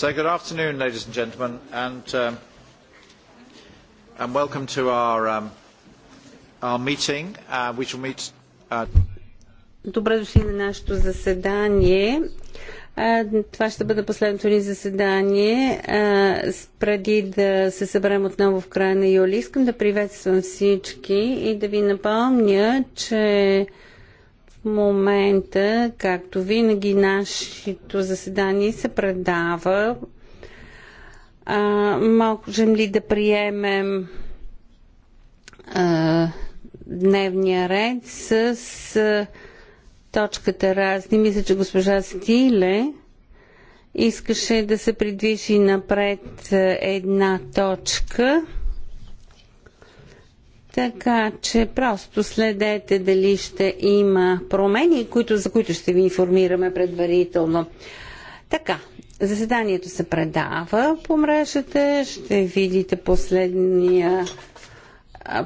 good afternoon, ladies and gentlemen, and, um, welcome to our, um, our meeting, uh, which will meet... Uh, Добре дошли на нашето заседание. Това ще бъде последното ни заседание. Преди да се съберем отново в края на юли, искам да приветствам всички и да ви напомня, че момента, както винаги, нашето заседание се предава. А, можем ли да приемем а, дневния ред с а, точката разни. Мисля, че госпожа Стиле искаше да се придвижи напред една точка. Така че просто следете дали ще има промени, които, за които ще ви информираме предварително. Така, заседанието се предава по мрежата, ще видите последния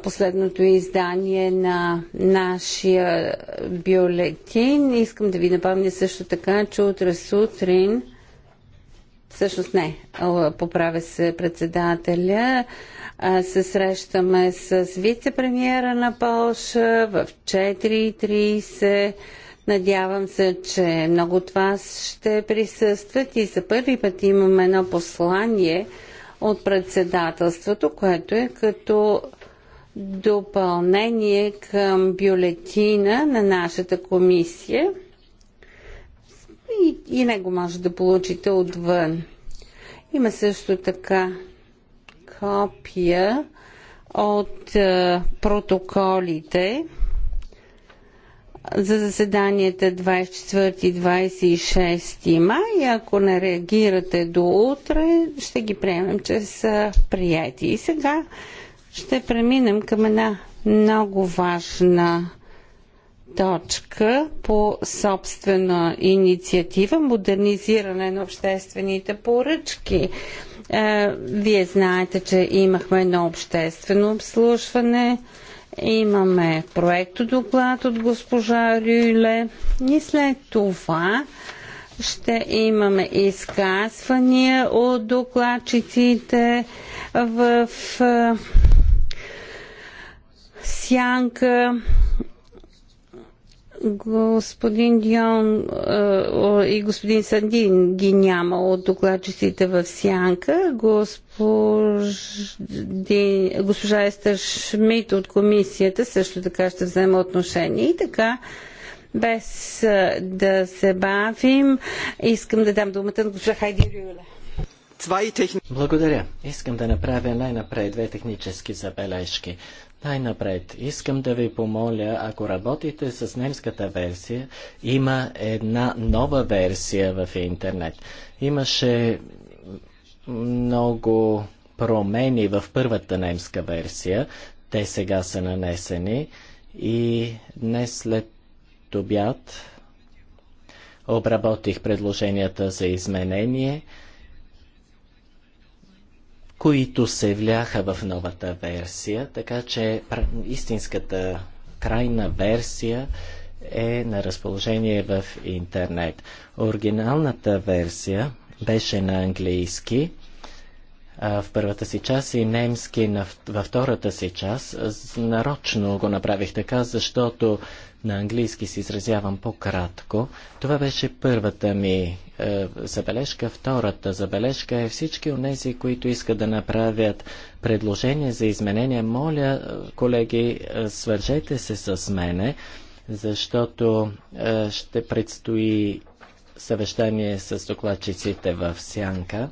последното издание на нашия бюлетин. Искам да ви напомня също така, че утре сутрин, всъщност не, поправя се председателя, се срещаме с вице-премьера на Полша в 4.30. Надявам се, че много от вас ще присъстват и за първи път имаме едно послание от председателството, което е като допълнение към бюлетина на нашата комисия и, и него може да получите отвън. Има също така копия от е, протоколите за заседанията 24 и 26 май. Ако не реагирате до утре, ще ги приемем, че са прияти. И сега ще преминем към една много важна точка по собствена инициатива модернизиране на обществените поръчки. Е, вие знаете, че имахме едно обществено обслужване. Имаме проекто доклад от госпожа Рюле и след това ще имаме изказвания от докладчиците в е, сянка Господин Дион е, и господин Сандин ги няма от докладчиците в Сянка. госпожа Естер Шмидт от комисията също така ще взема отношение. И така, без е, да се бавим, искам да дам думата на госпожа Хайди Рюле. Благодаря. Искам да направя най-напред две технически забележки. Най-напред, искам да ви помоля, ако работите с немската версия, има една нова версия в интернет. Имаше много промени в първата немска версия. Те сега са нанесени и днес след обяд обработих предложенията за изменение – които се вляха в новата версия, така че истинската крайна версия е на разположение в интернет. Оригиналната версия беше на английски, в първата си част и немски във втората си част. Нарочно го направих така, защото на английски се изразявам по-кратко. Това беше първата ми е, забележка. Втората забележка е всички от тези, които искат да направят предложение за изменения. Моля, е, колеги, е, свържете се с мене, защото е, ще предстои съвещание с докладчиците в Сянка.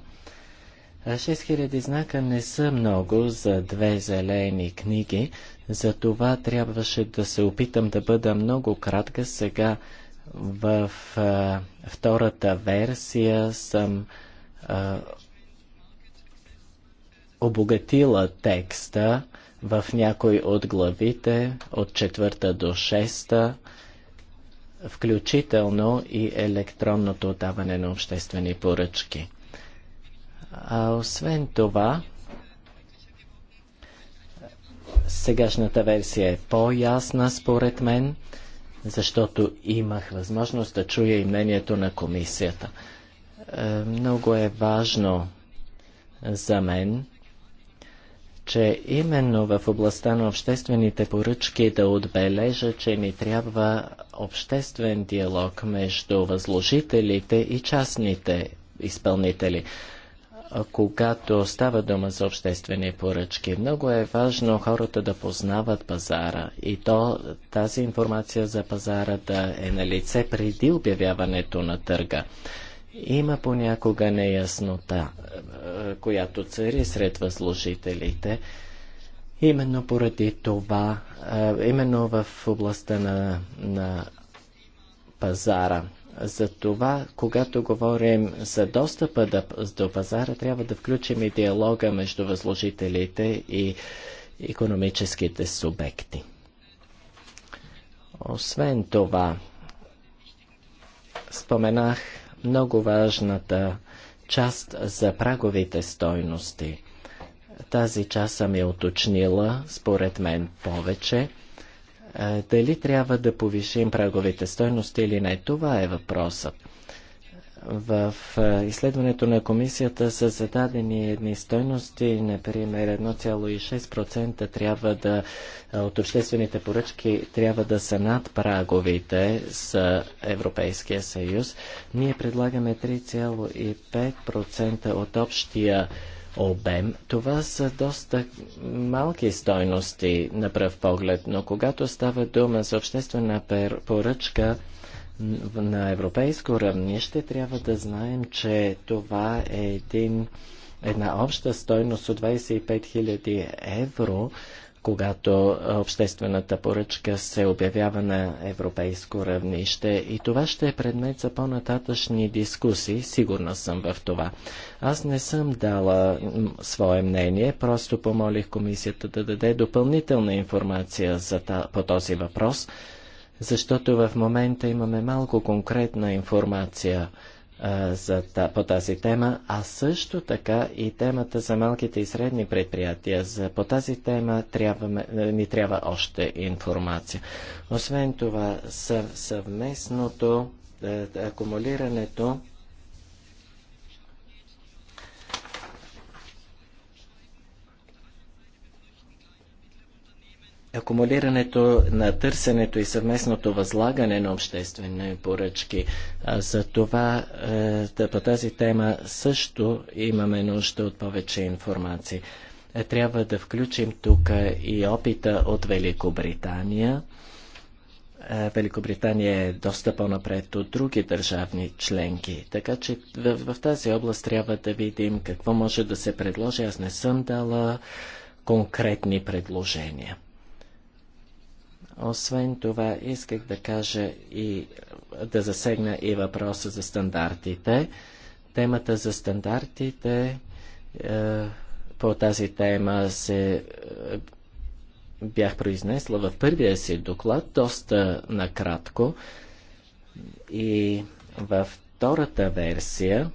6000 знака не са много за две зелени книги, затова трябваше да се опитам да бъда много кратка. Сега в а, втората версия съм а, обогатила текста в някой от главите, от четвърта до шеста, включително и електронното отдаване на обществени поръчки. А освен това, сегашната версия е по-ясна според мен, защото имах възможност да чуя и мнението на комисията. Е, много е важно за мен, че именно в областта на обществените поръчки да отбележа, че ни трябва обществен диалог между възложителите и частните изпълнители когато става дума за обществени поръчки. Много е важно хората да познават пазара и то тази информация за пазара да е на лице преди обявяването на търга. Има понякога неяснота, е, която цари сред възложителите. Именно поради това, е, именно в областта на, на пазара. За това, когато говорим за достъпа до пазара, трябва да включим и диалога между възложителите и економическите субекти. Освен това, споменах много важната част за праговите стойности. Тази част съм я уточнила, според мен, повече. Е, дали трябва да повишим праговите стойности или не, това е въпросът. В е, изследването на комисията са зададени едни стойности, например 1,6% трябва да е, от обществените поръчки трябва да са над праговите с Европейския съюз. Ние предлагаме 3,5% от общия обем, това са доста малки стойности на пръв поглед, но когато става дума за обществена поръчка на европейско равнище, трябва да знаем, че това е един, една обща стойност от 25 000 евро, когато обществената поръчка се обявява на европейско равнище и това ще е предмет за по-нататъчни дискусии, сигурна съм в това. Аз не съм дала свое мнение, просто помолих комисията да даде допълнителна информация за та, по този въпрос, защото в момента имаме малко конкретна информация за, по тази тема, а също така и темата за малките и средни предприятия. За, по тази тема трябва, ни трябва още информация. Освен това, съв, съвместното акумулирането акумулирането на търсенето и съвместното възлагане на обществени поръчки. За това е, по тази тема също имаме нужда от повече информации. Е, трябва да включим тук е, и опита от Великобритания. Великобритания е доста по-напред от други държавни членки, така че в, в тази област трябва да видим какво може да се предложи. Аз не съм дала конкретни предложения. Освен това, исках да кажа и да засегна и въпроса за стандартите. Темата за стандартите е, по тази тема се е, бях произнесла в първия си доклад доста накратко и във втората версия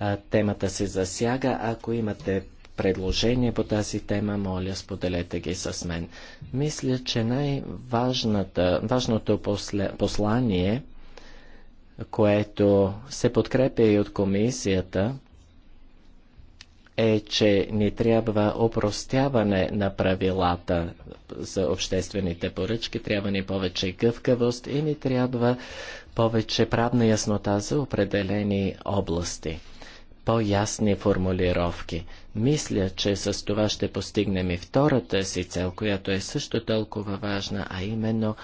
е, темата се засяга. Ако имате предложения по тази тема, моля, споделете ги с мен. Мисля, че най-важното послание, което се подкрепя и от комисията, е, че ни трябва опростяване на правилата за обществените поръчки, трябва ни повече гъвкавост и ни трябва повече правна яснота за определени области, по-ясни формулировки. Мисля, че с това ще постигнем и втората си цел, която е също толкова важна, а именно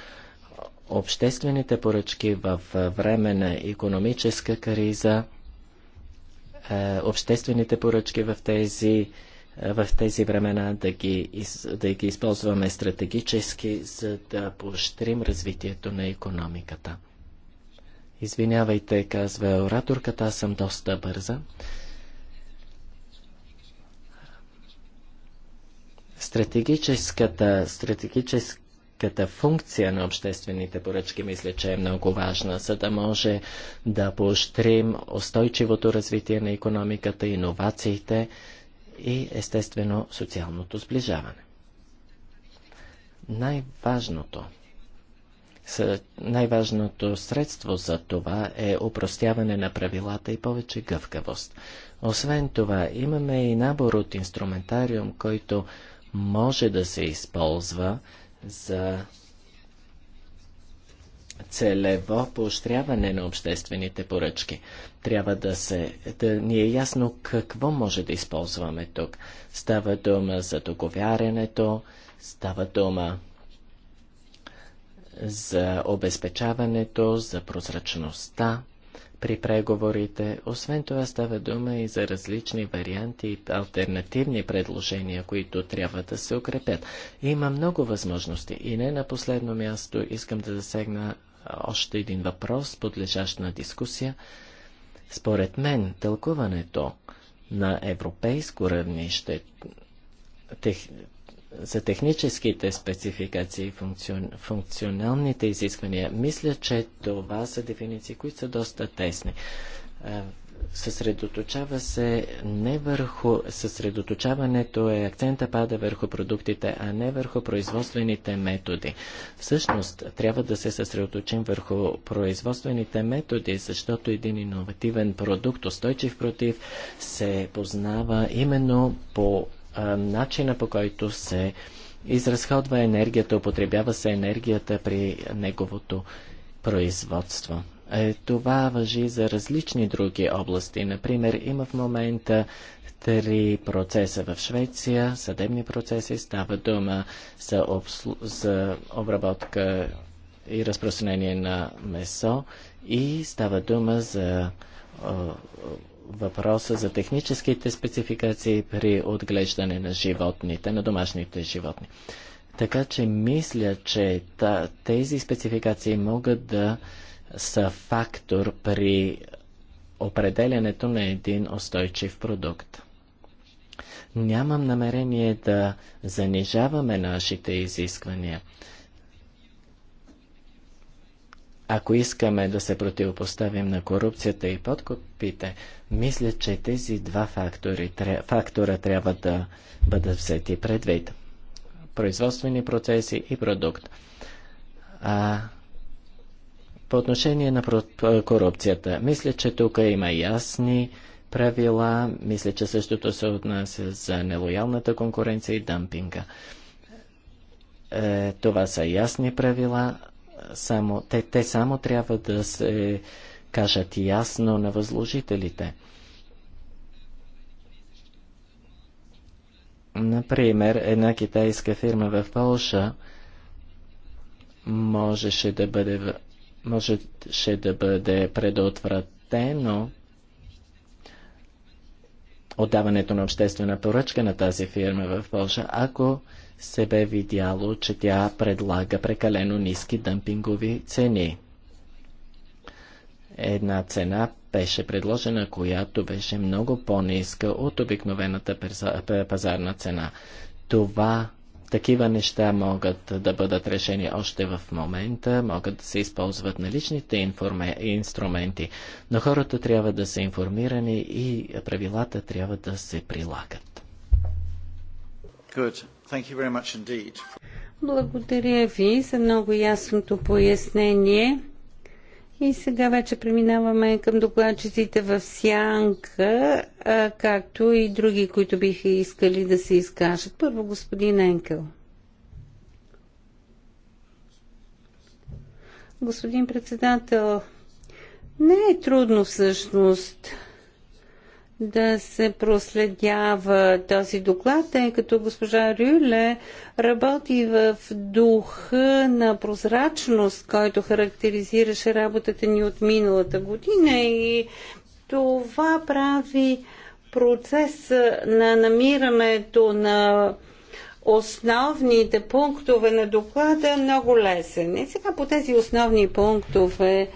обществените поръчки в време на економическа криза, е, обществените поръчки в тези, е, в тези времена да ги, да ги използваме стратегически, за да поощрим развитието на економиката. Извинявайте, казва ораторката, аз съм доста бърза. Стратегическата, стратегическата функция на обществените поръчки мисля, че е много важна, за да може да поощрим устойчивото развитие на економиката, иновациите и естествено социалното сближаване. Най-важното най-важното средство за това е упростяване на правилата и повече гъвкавост. Освен това, имаме и набор от инструментариум, който може да се използва за целево поощряване на обществените поръчки. Трябва да се да ни е ясно какво може да използваме тук. Става дума за договарянето, става дума за обезпечаването, за прозрачността при преговорите. Освен това става дума и за различни варианти и альтернативни предложения, които трябва да се укрепят. Има много възможности и не на последно място искам да засегна още един въпрос, подлежащ на дискусия. Според мен, тълкуването на европейско равнище, тех, за техническите спецификации и функционалните изисквания, мисля, че това са дефиниции, които са доста тесни. Съсредоточава се не върху съсредоточаването е акцента пада върху продуктите, а не върху производствените методи. Всъщност трябва да се съсредоточим върху производствените методи, защото един иновативен продукт, устойчив против, се познава именно по начина по който се изразходва енергията, употребява се енергията при неговото производство. Е, това въжи за различни други области. Например, има в момента три процеса в Швеция, съдебни процеси, става дума за, обсл... за обработка и разпространение на месо и става дума за въпроса за техническите спецификации при отглеждане на животните, на домашните животни. Така че мисля, че тези спецификации могат да са фактор при определянето на един устойчив продукт. Нямам намерение да занижаваме нашите изисквания. Ако искаме да се противопоставим на корупцията и подкупите, мисля, че тези два фактори, фактора трябва да бъдат взети предвид. Производствени процеси и продукт. А, по отношение на корупцията, мисля, че тук има ясни правила, мисля, че същото се отнася за нелоялната конкуренция и дампинга. Е, това са ясни правила, само, те, те само трябва да се кажат ясно на възложителите. Например, една китайска фирма в Полша можеше да бъде, можеше да бъде предотвратено отдаването на обществена поръчка на тази фирма в Польша, ако се бе видяло, че тя предлага прекалено ниски дъмпингови цени. Една цена беше предложена, която беше много по-ниска от обикновената пазарна цена. Това такива неща могат да бъдат решени още в момента, могат да се използват наличните информе... инструменти, но хората трябва да са информирани и правилата трябва да се прилагат. Good. Благодаря ви за много ясното пояснение. И сега вече преминаваме към докладчиците в Сянка, както и други, които биха искали да се изкажат. Първо господин Енкел. Господин председател, не е трудно всъщност да се проследява този доклад, тъй като госпожа Рюле работи в духа на прозрачност, който характеризираше работата ни от миналата година и това прави процес на намирането на основните пунктове на доклада много лесен. И сега по тези основни пунктове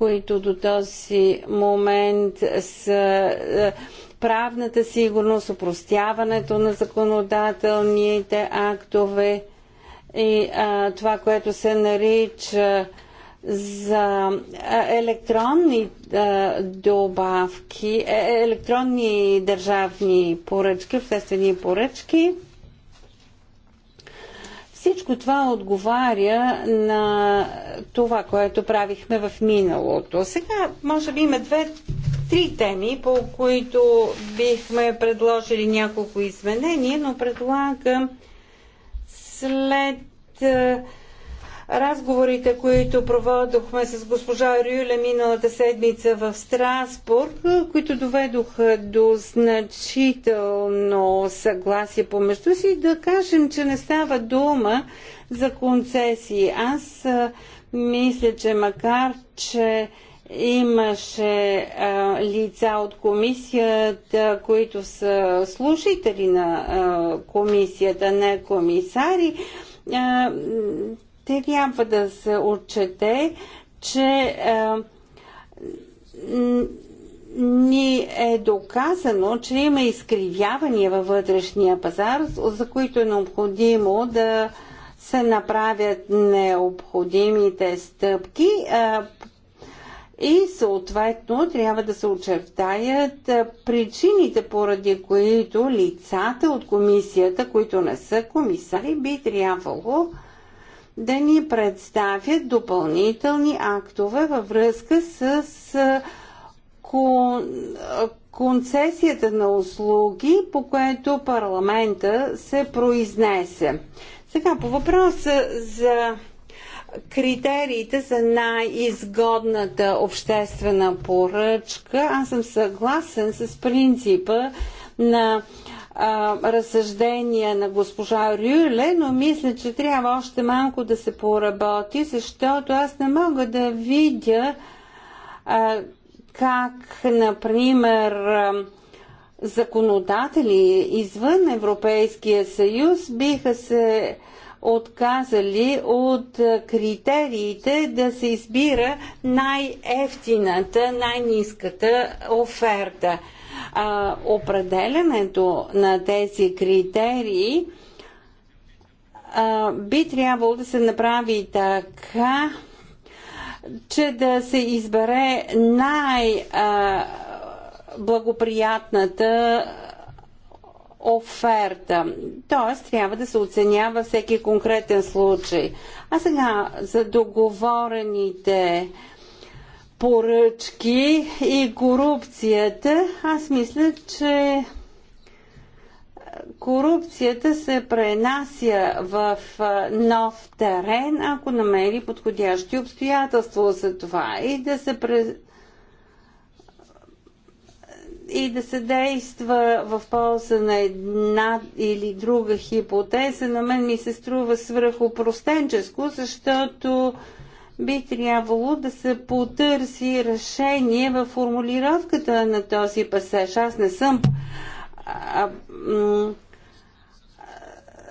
които до този момент са е, правната сигурност, опростяването на законодателните актове и а, е, това, което се нарича за е, електронни а, добавки, електронни държавни поръчки, обществени поръчки – всичко това отговаря на това, което правихме в миналото. Сега, може би, има две, три теми, по които бихме предложили няколко изменения, но предлагам след е, разговорите, които проводохме с госпожа Рюле миналата седмица в Страсбург, които доведоха до значително съгласие помежду си, да кажем, че не става дума за концесии. Аз мисля, че макар, че имаше а, лица от комисията, които са служители на а, комисията, не комисари, а, трябва да се отчете, че а, е, ни е доказано, че има изкривявания във вътрешния пазар, за които е необходимо да се направят необходимите стъпки а, е, и съответно трябва да се очертаят е, причините, поради които лицата от комисията, които не са комисари, би трябвало да ни представят допълнителни актове във връзка с концесията на услуги, по което парламента се произнесе. Сега по въпроса за критериите за най-изгодната обществена поръчка, аз съм съгласен с принципа на разсъждения на госпожа Рюле, но мисля, че трябва още малко да се поработи, защото аз не мога да видя а, как, например, законодатели извън Европейския съюз биха се отказали от критериите да се избира най-ефтината, най-низката оферта а, определенето на тези критерии а, би трябвало да се направи така, че да се избере най- а, благоприятната оферта. Т.е. трябва да се оценява всеки конкретен случай. А сега за договорените поръчки и корупцията, аз мисля, че корупцията се пренася в нов терен, ако намери подходящи обстоятелства за това и да се пре... и да се действа в полза на една или друга хипотеза, на мен ми се струва свръхопростенческо, защото би трябвало да се потърси решение в формулировката на този пасаж. Аз не съм. А, а,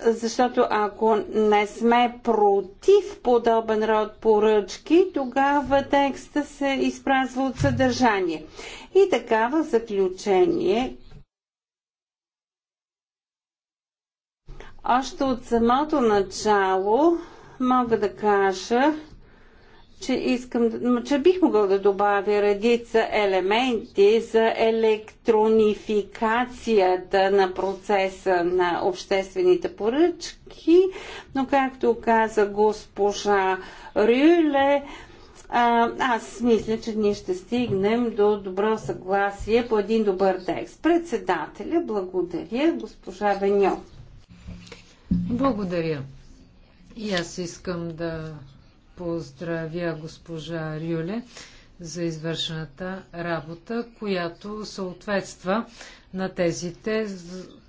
защото ако не сме против подобен род поръчки, тогава текста се изпразва от съдържание. И така в заключение още от самото начало мога да кажа, че, искам, че бих могъл да добавя редица елементи за електронификацията на процеса на обществените поръчки, но както каза госпожа Рюле, аз мисля, че ние ще стигнем до добро съгласие по един добър текст. Председателя, благодаря, госпожа Веньо. Благодаря. И аз искам да поздравя госпожа Рюле за извършената работа, която съответства на тезите,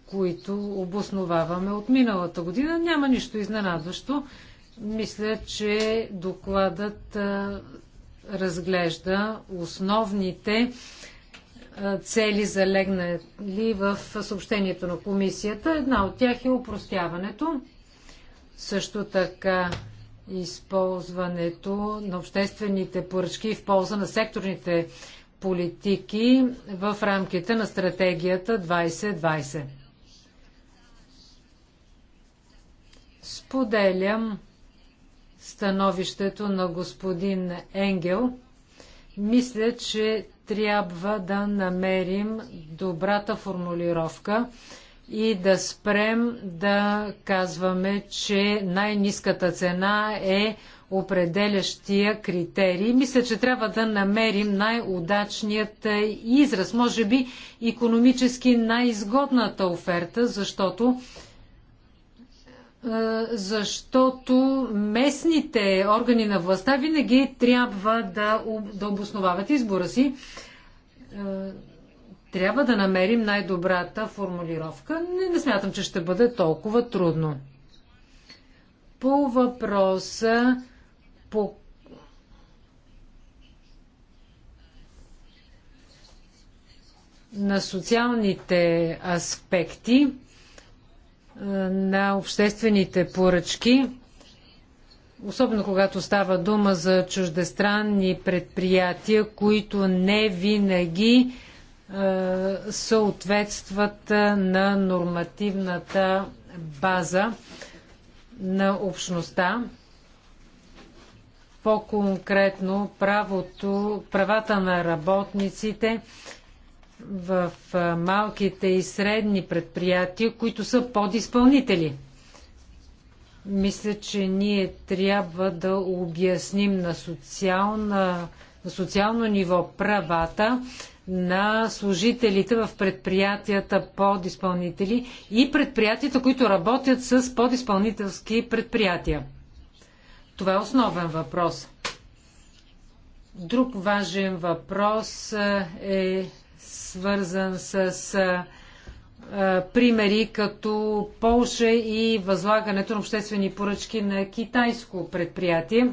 които обосноваваме от миналата година. Няма нищо изненадващо. Мисля, че докладът разглежда основните цели залегнали в съобщението на комисията. Една от тях е упростяването. Също така използването на обществените поръчки в полза на секторните политики в рамките на стратегията 2020. Споделям становището на господин Енгел. Мисля, че трябва да намерим добрата формулировка и да спрем да казваме, че най-низката цена е определящия критерий. Мисля, че трябва да намерим най-удачният е, израз, може би економически най-изгодната оферта, защото е, защото местните органи на властта винаги трябва да, да обосновават избора си. Е, трябва да намерим най-добрата формулировка. Не, не смятам, че ще бъде толкова трудно. По въпроса по на социалните аспекти на обществените поръчки, особено когато става дума за чуждестранни предприятия, които не винаги е, съответстват е, на нормативната база на общността. По-конкретно правото, правата на работниците в е, малките и средни предприятия, които са подизпълнители. Мисля, че ние трябва да обясним на, социална, на социално ниво правата на служителите в предприятията подизпълнители и предприятията, които работят с подизпълнителски предприятия? Това е основен въпрос. Друг важен въпрос е, е свързан с е, е, примери като Полша и възлагането на обществени поръчки на китайско предприятие.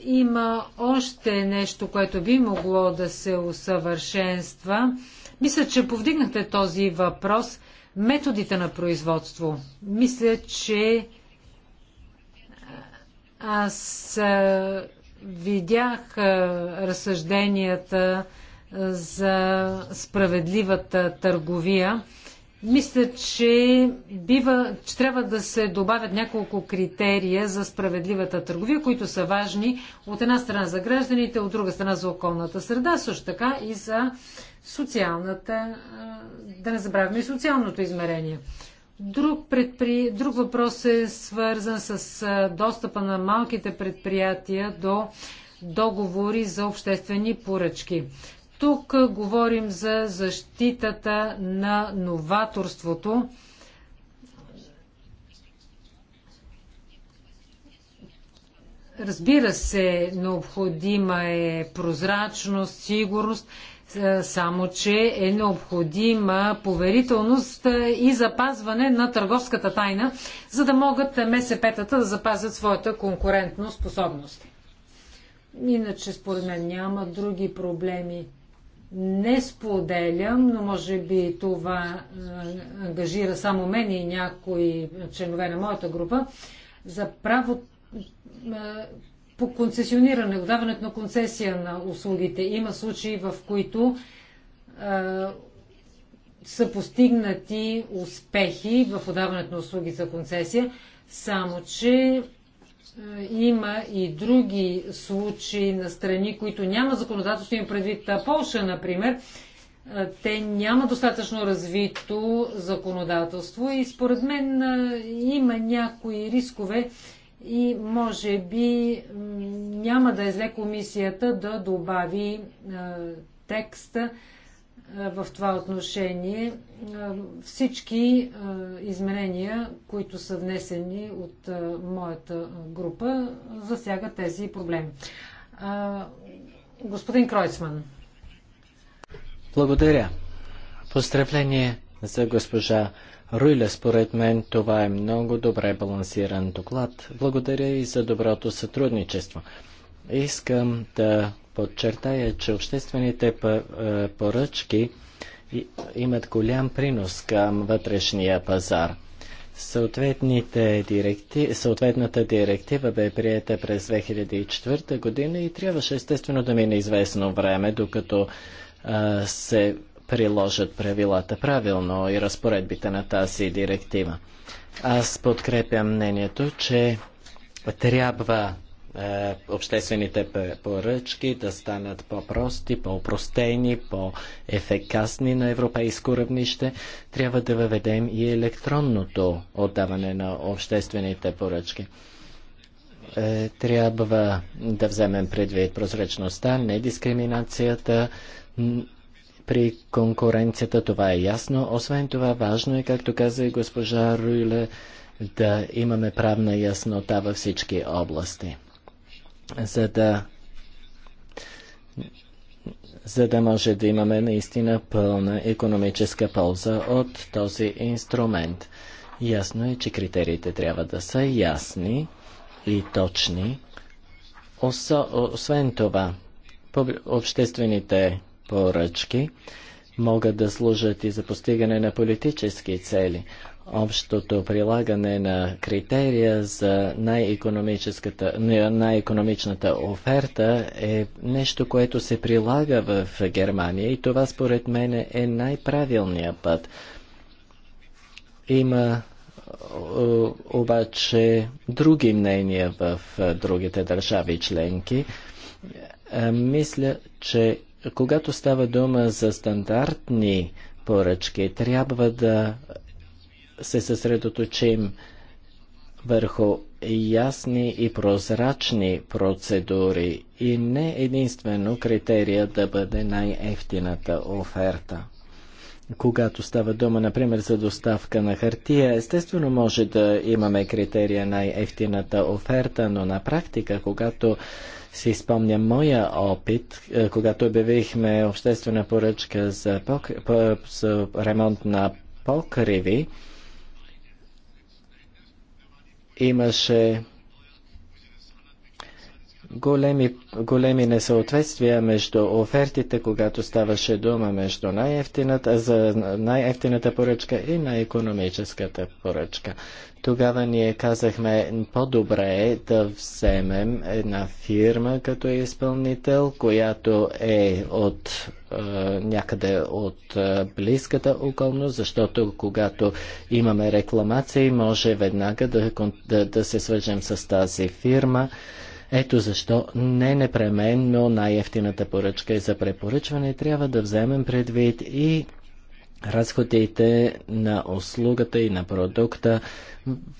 Има още нещо, което би могло да се усъвършенства. Мисля, че повдигнахте този въпрос. Методите на производство. Мисля, че аз видях разсъжденията за справедливата търговия мисля, че, бива, че трябва да се добавят няколко критерия за справедливата търговия, които са важни от една страна за гражданите, от друга страна за околната среда, също така и за социалната, да не забравяме и социалното измерение. Друг, предпри... Друг въпрос е свързан с достъпа на малките предприятия до договори за обществени поръчки. Тук говорим за защитата на новаторството. Разбира се, необходима е прозрачност, сигурност, само че е необходима поверителност и запазване на търговската тайна, за да могат МСП-тата да запазят своята конкурентна способност. Иначе, според мен, няма други проблеми не споделям, но може би това е, ангажира само мен и някои членове на моята група, за право е, по концесиониране, отдаването на концесия на услугите. Има случаи, в които е, са постигнати успехи в отдаването на услуги за концесия, само че е, има и други случаи на страни, които няма законодателство, им предвид Полша, например, е, те няма достатъчно развито законодателство и според мен е, има някои рискове и може би няма да е зле комисията да добави текста в това отношение всички изменения, които са внесени от моята група, засягат тези проблеми. Господин Кройцман. Благодаря. Поздравление за госпожа Руйля. Според мен това е много добре балансиран доклад. Благодаря и за доброто сътрудничество. Искам да подчертая, че обществените е, поръчки имат голям принос към вътрешния пазар. Директи... Съответната директива бе приета през 2004 година и трябваше естествено да мине известно време, докато а, е, се приложат правилата правилно и разпоредбите на тази директива. Аз подкрепям мнението, че трябва е, обществените поръчки да станат по-прости, по-простейни, по-ефекасни на европейско равнище. Трябва да въведем и електронното отдаване на обществените поръчки е, трябва да вземем предвид прозрачността, недискриминацията при конкуренцията, това е ясно. Освен това, важно е, както каза и госпожа Руйле, да имаме правна яснота във всички области за да за да може да имаме наистина пълна економическа полза от този инструмент. Ясно е, че критериите трябва да са ясни и точни. Осо, освен това, обществените поръчки могат да служат и за постигане на политически цели общото прилагане на критерия за най економичната най-економичната оферта е нещо, което се прилага в Германия и това според мен е най-правилният път. Има обаче други мнения в другите държави членки. Мисля, че когато става дума за стандартни поръчки, трябва да се съсредоточим върху ясни и прозрачни процедури и не единствено критерия да бъде най-ефтината оферта. Когато става дума, например, за доставка на хартия, естествено може да имаме критерия най-ефтината оферта, но на практика, когато си спомня моя опит, е, когато обявихме обществена поръчка за, пок... за ремонт на покриви, имаше големи, големи несъответствия между офертите, когато ставаше дума между най-ефтината, за най-ефтината поръчка и най-економическата поръчка. Тогава ние казахме, по-добре е да вземем една фирма като изпълнител, която е от някъде от близката околност, защото когато имаме рекламации, може веднага да, да, да се свържем с тази фирма. Ето защо не непременно най-ефтината поръчка е за препоръчване. Трябва да вземем предвид и разходите на услугата и на продукта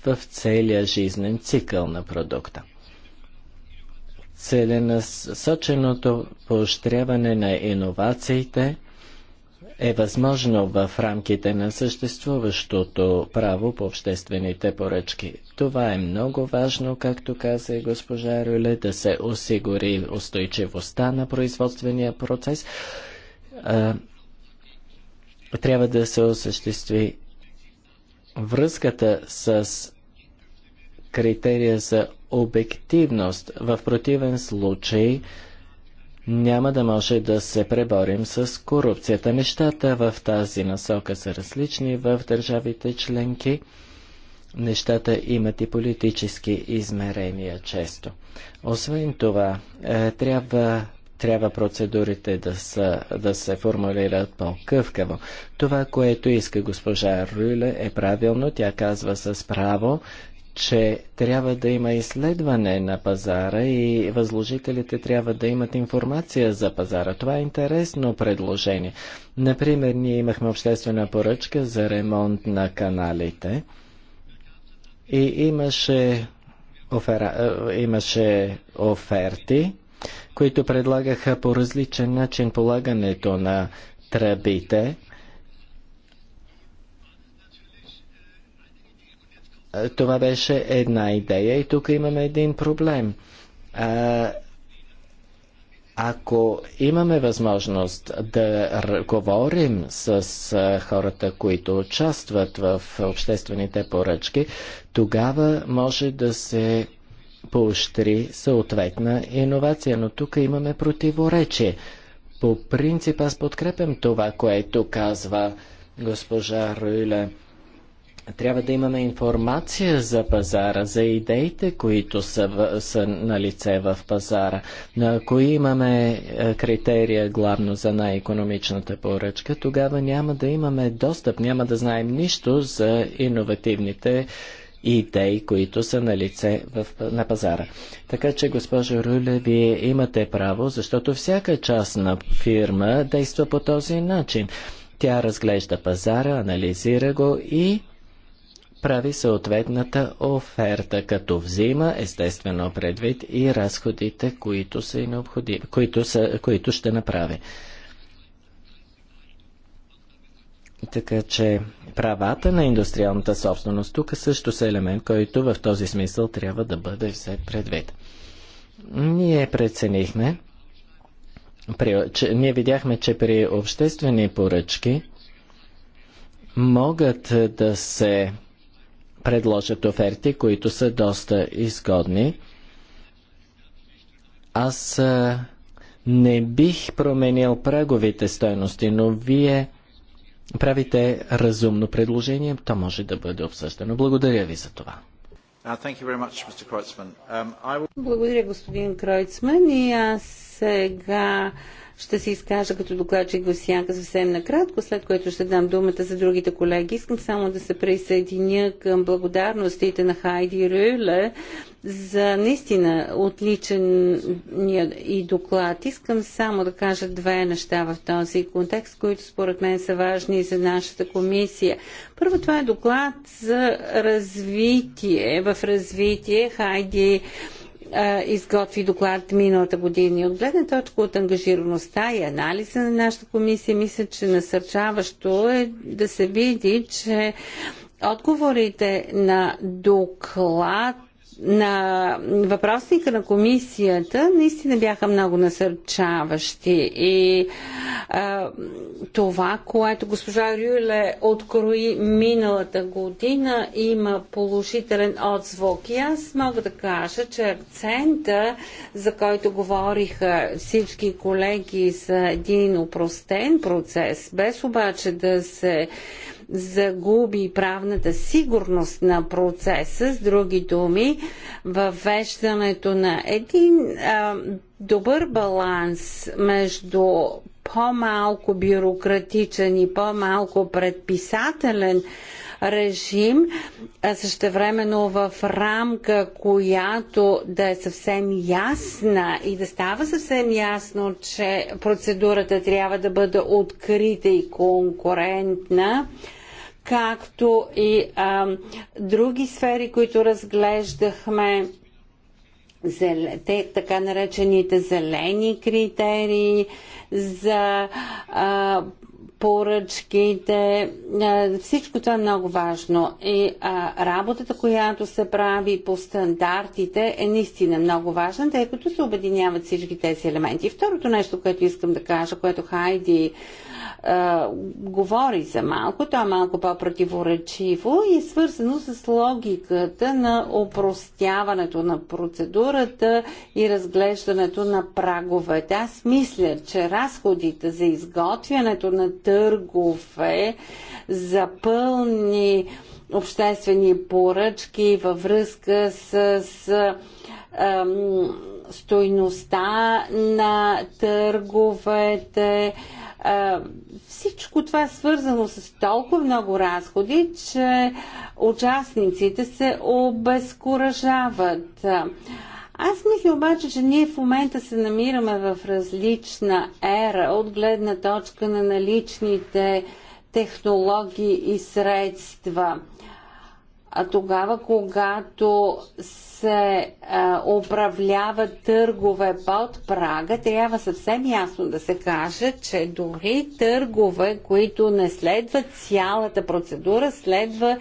в целия жизнен цикъл на продукта. Целенасоченото поощряване на иновациите е възможно в рамките на съществуващото право по обществените поръчки. Това е много важно, както каза и госпожа Рюле, да се осигури устойчивостта на производствения процес. трябва да се осъществи връзката с критерия за обективност. В противен случай няма да може да се преборим с корупцията. Нещата в тази насока са различни в държавите членки. Нещата имат и политически измерения често. Освен това, е, трябва трябва процедурите да, са, да се формулират по-къвкаво. Това, което иска госпожа Рюле е правилно. Тя казва с право, че трябва да има изследване на пазара и възложителите трябва да имат информация за пазара. Това е интересно предложение. Например, ние имахме обществена поръчка за ремонт на каналите и имаше, офера, е, имаше оферти, които предлагаха по различен начин полагането на тръбите Това беше една идея и тук имаме един проблем. А, ако имаме възможност да говорим с хората, които участват в обществените поръчки, тогава може да се поощри съответна иновация. Но тук имаме противоречие. По принцип аз подкрепям това, което казва госпожа Руйле. Трябва да имаме информация за пазара, за идеите, които са, са на лице в пазара. Но ако имаме е, критерия главно за най-економичната поръчка, тогава няма да имаме достъп, няма да знаем нищо за иновативните идеи, които са на лице в, на пазара. Така че, госпожо Руле, вие имате право, защото всяка частна фирма действа по този начин. Тя разглежда пазара, анализира го и прави съответната оферта, като взима естествено предвид и разходите, които, са необходими, които, са, които ще направи. Така че правата на индустриалната собственост тук също са елемент, който в този смисъл трябва да бъде взет предвид. Ние преценихме, при, че, ние видяхме, че при обществени поръчки могат да се предложат оферти, които са доста изгодни. Аз не бих променил праговите стоености, но вие правите разумно предложение, то може да бъде обсъждано. Благодаря ви за това. Uh, um, Благодаря, господин Кройцман. И аз сега ще се изкажа като докладчик в сянка съвсем накратко, след което ще дам думата за другите колеги. Искам само да се присъединя към благодарностите на Хайди Рюле за наистина отличен и доклад. Искам само да кажа две неща в този контекст, които според мен са важни за нашата комисия. Първо, това е доклад за развитие. В развитие Хайди а, изготви доклад миналата година. И от гледна точка от ангажираността и анализа на нашата комисия, мисля, че насърчаващо е да се види, че отговорите на доклад на въпросника на комисията наистина бяха много насърчаващи и а, това, което госпожа Рюле открои миналата година, има положителен отзвук. И аз мога да кажа, че акцента, за който говориха всички колеги за един упростен процес, без обаче да се загуби правната сигурност на процеса. С други думи, въвеждането на един а, добър баланс между по-малко бюрократичен и по-малко предписателен режим, а същевременно в рамка, която да е съвсем ясна и да става съвсем ясно, че процедурата трябва да бъде открита и конкурентна както и а, други сфери, които разглеждахме, те така наречените зелени критерии за а, поръчките. Всичко това е много важно. И а, работата, която се прави по стандартите е наистина много важна, тъй като се обединяват всички тези елементи. И второто нещо, което искам да кажа, което Хайди говори за малко, то е малко по-противоречиво и е свързано с логиката на опростяването на процедурата и разглеждането на праговете. Аз мисля, че разходите за изготвянето на търгове за пълни обществени поръчки във връзка с, с ем, стойността на търговете, а, всичко това е свързано с толкова много разходи, че участниците се обезкуражават. Аз мисля обаче, че ние в момента се намираме в различна ера от гледна точка на наличните технологии и средства. А тогава, когато се а, управляват търгове под прага, трябва съвсем ясно да се каже, че дори търгове, които не следват цялата процедура, следва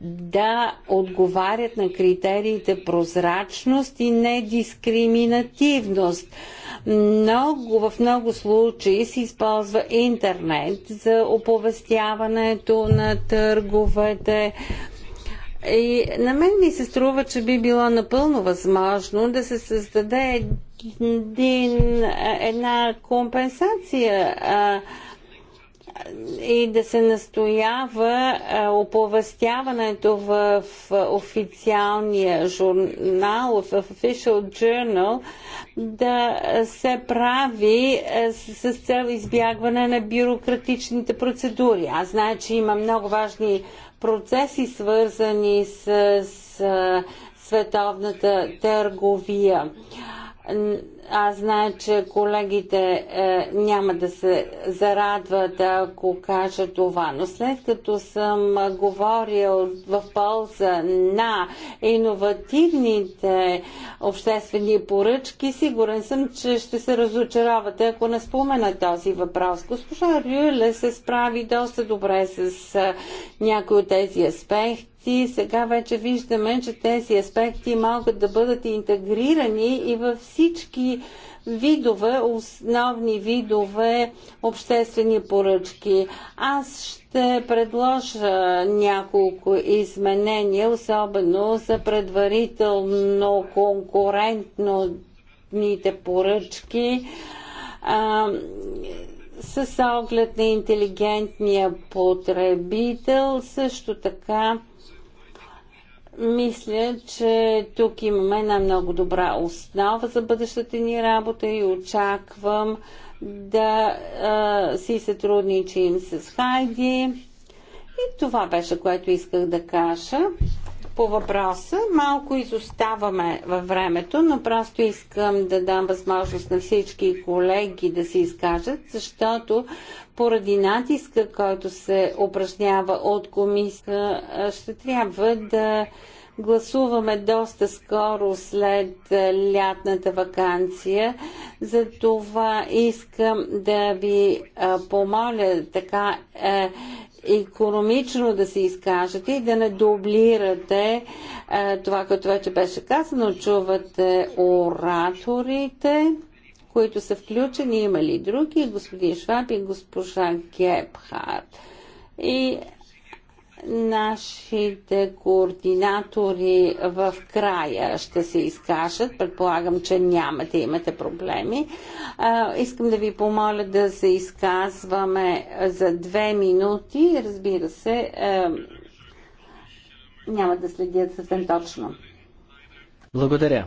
да отговарят на критериите прозрачност и недискриминативност много, в много случаи се използва интернет за оповестяването на търговете, и на мен ми се струва, че би било напълно възможно да се създаде един, една компенсация а, и да се настоява а, оповестяването в, в официалния журнал, в Official Journal, да се прави а, с, с цел избягване на бюрократичните процедури. Аз знае, че има много важни процеси, свързани с, с световната търговия аз знае, че колегите е, няма да се зарадват, ако кажа това, но след като съм говорил в полза на иновативните обществени поръчки, сигурен съм, че ще се разочаровате, ако не спомена този въпрос. Госпожа Рюле се справи доста добре с е, някои от тези аспекти аспекти, сега вече виждаме, че тези аспекти могат да бъдат интегрирани и във всички видове, основни видове обществени поръчки. Аз ще предложа няколко изменения, особено за предварително конкурентните поръчки а, с оглед на интелигентния потребител, също така мисля, че тук имаме една много добра основа за бъдещата ни работа и очаквам да а, си сътрудничим с Хайди. И това беше, което исках да кажа по въпроса. Малко изоставаме във времето, но просто искам да дам възможност на всички колеги да се изкажат, защото поради натиска, който се упражнява от комисия, ще трябва да гласуваме доста скоро след е, лятната вакансия. За това искам да ви е, помоля така е, економично да се изкажете и да не дублирате е, това, което вече беше казано. Чувате ораторите които са включени, има ли други, господин Шваб и госпожа Гебхард. И нашите координатори в края ще се изкажат. Предполагам, че нямате, имате проблеми. А, искам да ви помоля да се изказваме за две минути. Разбира се, а, е, няма да следят съвсем точно. Благодаря.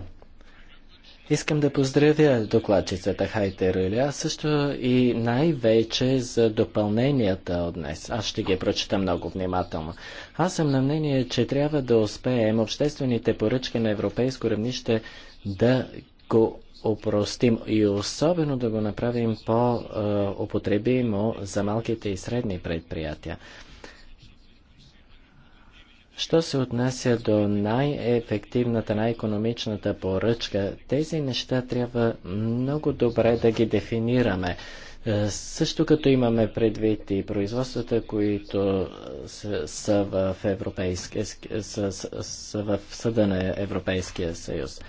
Искам да поздравя докладчицата Хайте Рюля, също и най-вече за допълненията от днес. Аз ще ги прочета много внимателно. Аз съм на мнение, че трябва да успеем обществените поръчки на европейско равнище да го опростим и особено да го направим по-употребимо е, за малките и средни предприятия. Що се отнася до най-ефективната, най-економичната поръчка, тези неща трябва много добре да ги дефинираме. Е, също като имаме предвид и производствата, които е, са, в, Европейския, са, са в съда на Европейския съюз.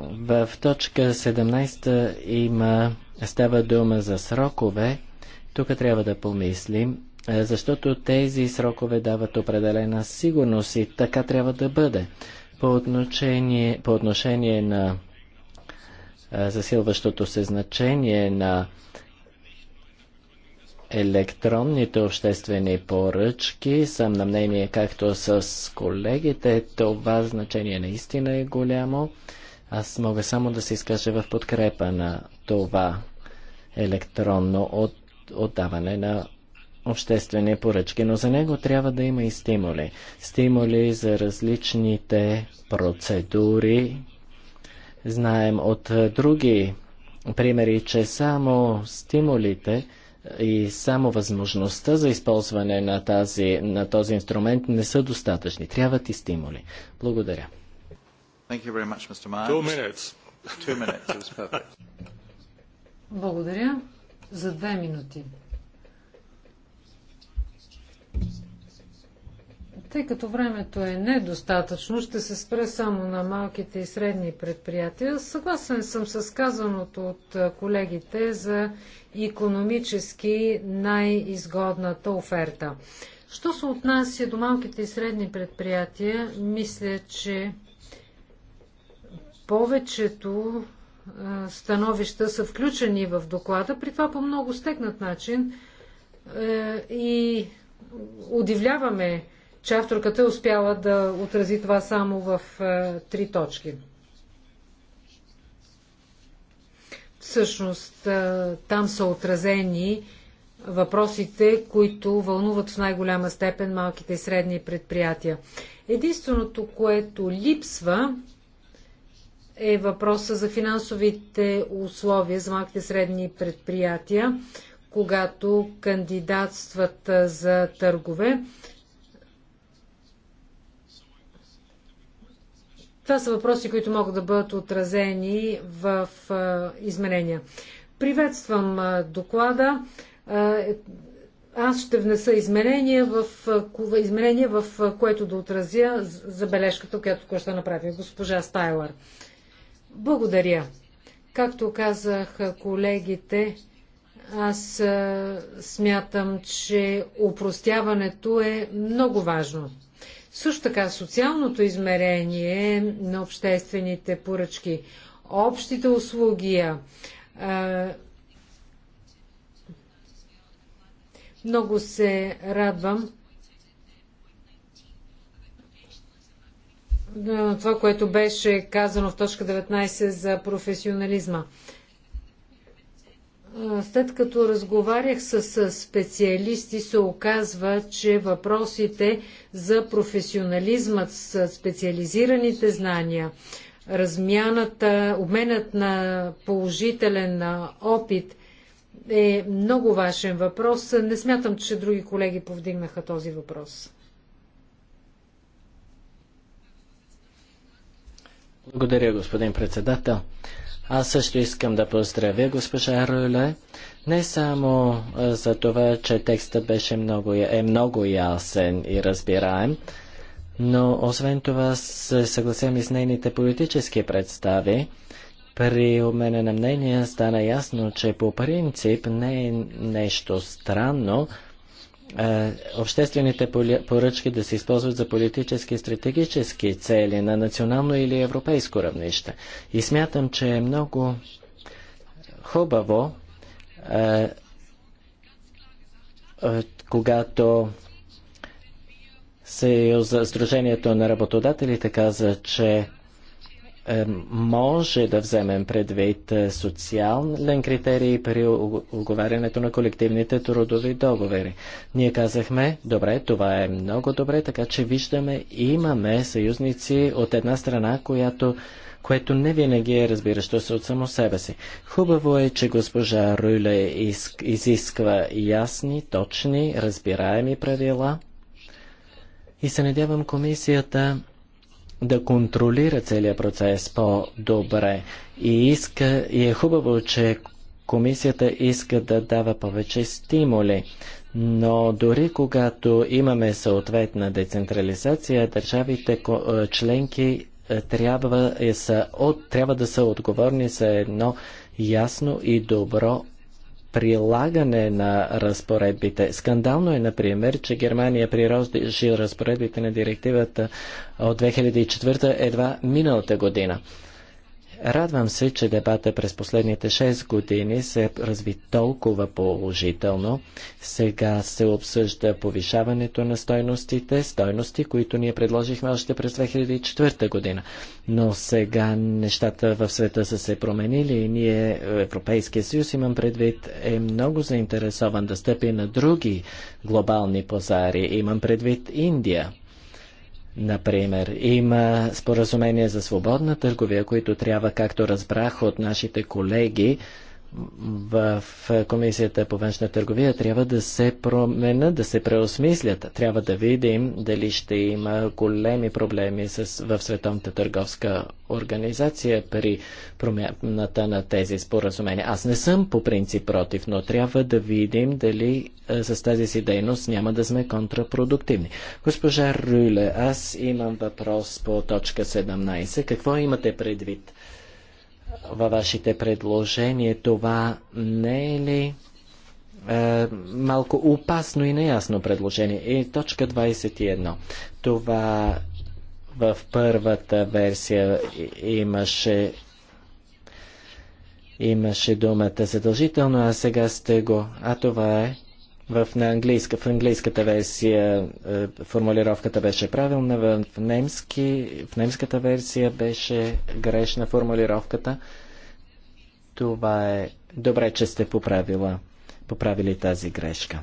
В точка 17 има, става дума за срокове. Тук трябва да помислим е, защото тези срокове дават определена сигурност и така трябва да бъде. По отношение, по отношение на е, засилващото се значение на електронните обществени поръчки. Съм на мнение, както с колегите, това значение наистина е голямо. Аз мога само да се изкажа в подкрепа на това електронно от, отдаване на обществени поръчки, но за него трябва да има и стимули. Стимули за различните процедури. Знаем от други примери, че само стимулите и само възможността за използване на, тази, на този инструмент не са достатъчни. Трябват и стимули. Благодаря. Благодаря. За две минути. Тъй като времето е недостатъчно, ще се спре само на малките и средни предприятия. Съгласен съм с казаното от колегите за економически най-изгодната оферта. Що се отнася до малките и средни предприятия, мисля, че повечето становища са включени в доклада, при това по много стегнат начин е, и удивляваме че авторката е успяла да отрази това само в е, три точки. Всъщност, е, там са отразени въпросите, които вълнуват в най-голяма степен малките и средни предприятия. Единственото, което липсва, е въпроса за финансовите условия за малките и средни предприятия, когато кандидатстват е, за търгове. Това са въпроси, които могат да бъдат отразени в изменения. Приветствам доклада. Аз ще внеса изменения в, изменения в което да отразя забележката, която ще направи госпожа Стайлър. Благодаря. Както казах колегите, аз смятам, че упростяването е много важно. Също така социалното измерение на обществените поръчки, общите услуги, много се радвам това, което беше казано в точка 19 за професионализма след като разговарях с специалисти, се оказва, че въпросите за професионализмът, специализираните знания, размяната, обменът на положителен опит е много важен въпрос. Не смятам, че други колеги повдигнаха този въпрос. Благодаря, господин председател. Аз също искам да поздравя госпожа Руле, не само за това, че текстът беше много, е много ясен и разбираем, но освен това се съгласям и с нейните политически представи. При обмена на мнение стана ясно, че по принцип не е нещо странно, е, обществените поръчки да се използват за политически и стратегически цели на национално или европейско равнище. И смятам, че е много хубаво, е, е, когато Съюз, Сдружението на работодателите каза, че може да вземем предвид е, социален критерий при оговарянето на колективните трудови договори. Ние казахме, добре, това е много добре, така че виждаме, имаме съюзници от една страна, която което не винаги е разбиращо се от само себе си. Хубаво е, че госпожа Руйле изисква ясни, точни, разбираеми правила и се надявам комисията да контролира целият процес по-добре. И, иска, и е хубаво, че комисията иска да дава повече стимули. Но дори когато имаме съответна децентрализация, държавите е, членки е, трябва, е, са от, трябва да са отговорни за едно ясно и добро прилагане на разпоредбите. Скандално е, например, че Германия приложи разпоредбите на директивата от 2004 едва миналата година. Радвам се, че дебата през последните 6 години се разви толкова положително. Сега се обсъжда повишаването на стойностите, стойности, които ние предложихме още през 2004 година. Но сега нещата в света са се променили и ние, Европейския съюз, имам предвид, е много заинтересован да стъпи на други глобални пазари. Имам предвид Индия. Например, има споразумение за свободна търговия, които трябва, както разбрах от нашите колеги, в Комисията по външна търговия трябва да се променят, да се преосмислят. Трябва да видим дали ще има големи проблеми с, в Световната търговска организация при промяната на тези споразумения. Аз не съм по принцип против, но трябва да видим дали а, с тази си дейност няма да сме контрапродуктивни. Госпожа Рюле, аз имам въпрос по точка 17. Какво имате предвид? във вашите предложения. Това не е ли е, малко опасно и неясно предложение? И точка 21. Това в първата версия имаше имаше думата задължително, а сега сте го. А това е в, на английска, в английската версия е, формулировката беше правилна, в, немски, в немската версия беше грешна формулировката. Това е добре, че сте поправила, поправили тази грешка.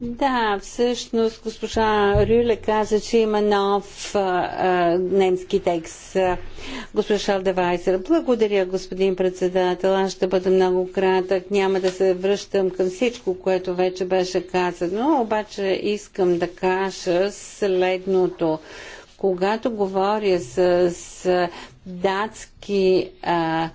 Да, всъщност госпожа Рюле каза, че има нов а, немски текст. Госпожа Шалдевайзер, благодаря господин председател. Аз ще бъда много кратък. Няма да се връщам към всичко, което вече беше казано, обаче искам да кажа следното. Когато говоря с, с датски а,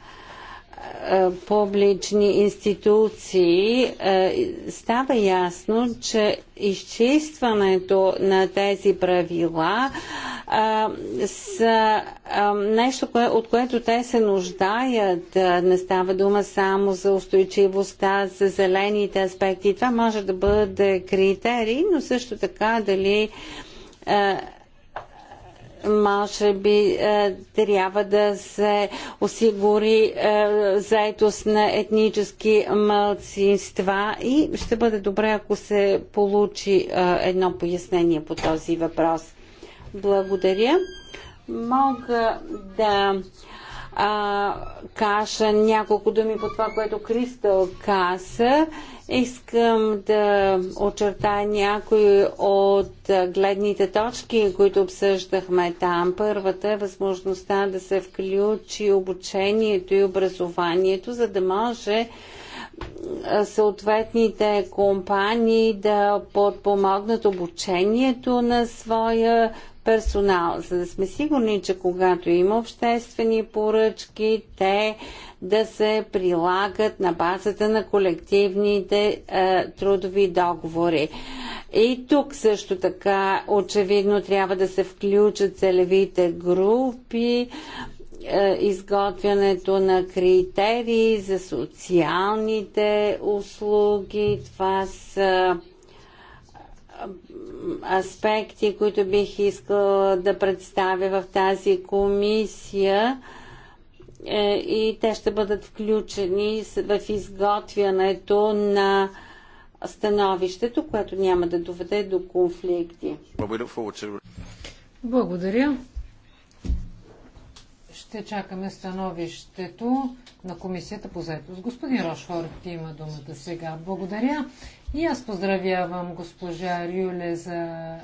е, публични институции, е, става ясно, че изчистването на тези правила е, са нещо, от което те се нуждаят. Не става дума само за устойчивостта, за зелените аспекти. Това може да бъде критерий, но също така дали може би е, трябва да се осигури е, заетост на етнически мълцинства и ще бъде добре, ако се получи е, едно пояснение по този въпрос. Благодаря. Мога да а, кажа няколко думи по това, което Кристал каза. Искам да очертая някои от гледните точки, които обсъждахме там. Първата е възможността да се включи обучението и образованието, за да може съответните компании да подпомогнат обучението на своя персонал, за да сме сигурни, че когато има обществени поръчки, те да се прилагат на базата на колективните е, трудови договори. И тук също така очевидно трябва да се включат целевите групи, е, изготвянето на критерии за социалните услуги. Това са аспекти, които бих искала да представя в тази комисия е, и те ще бъдат включени в изготвянето на становището, което няма да доведе до конфликти. Благодаря. Ще чакаме становището на Комисията по с Господин Рошфорд има думата сега. Благодаря. И аз поздравявам госпожа Рюле за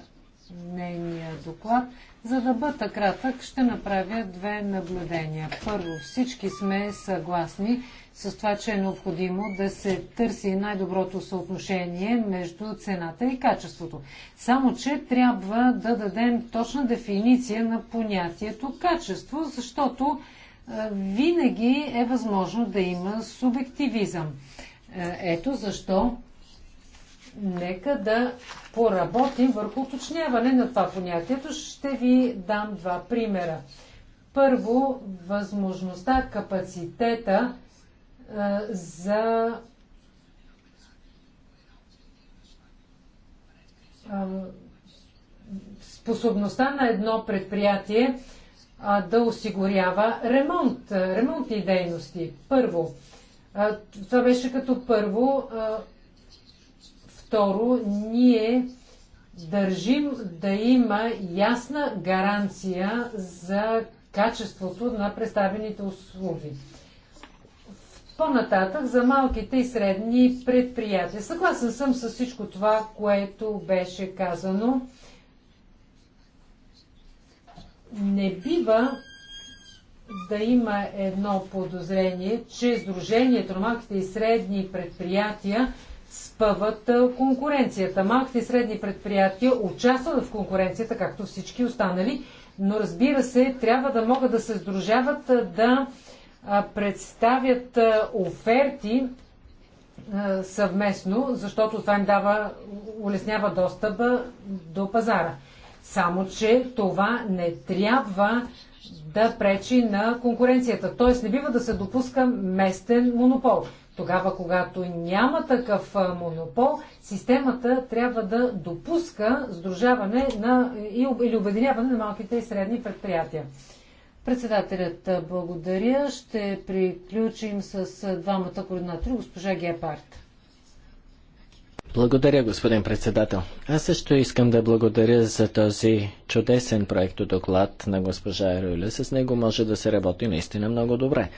нейния доклад. За да бъда кратък, ще направя две наблюдения. Първо, всички сме съгласни с това, че е необходимо да се търси най-доброто съотношение между цената и качеството. Само, че трябва да дадем точна дефиниция на понятието качество, защото е, винаги е възможно да има субективизъм. Е, ето защо нека да поработим върху уточняване на това понятието. Ще ви дам два примера. Първо, възможността, капацитета а, е, за а, е, способността на едно предприятие а, е, да осигурява ремонт, ремонтни дейности. Първо, това беше като първо Второ, ние държим да има ясна гаранция за качеството на представените услуги. По-нататък за малките и средни предприятия. Съгласен съм с всичко това, което беше казано. Не бива да има едно подозрение, че Сдружението на малките и средни предприятия спъват конкуренцията. Малките и средни предприятия участват в конкуренцията, както всички останали, но разбира се, трябва да могат да се сдружават, да представят оферти съвместно, защото това им дава, улеснява достъпа до пазара. Само, че това не трябва да пречи на конкуренцията. Т.е. не бива да се допуска местен монопол. Тогава, когато няма такъв монопол, системата трябва да допуска сдружаване на, или обединяване на малките и средни предприятия. Председателят благодаря. Ще приключим с двамата координатори, госпожа Гепард. Благодаря, господин председател. Аз също искам да благодаря за този чудесен проект доклад на госпожа Ерюля. С него може да се работи наистина много добре.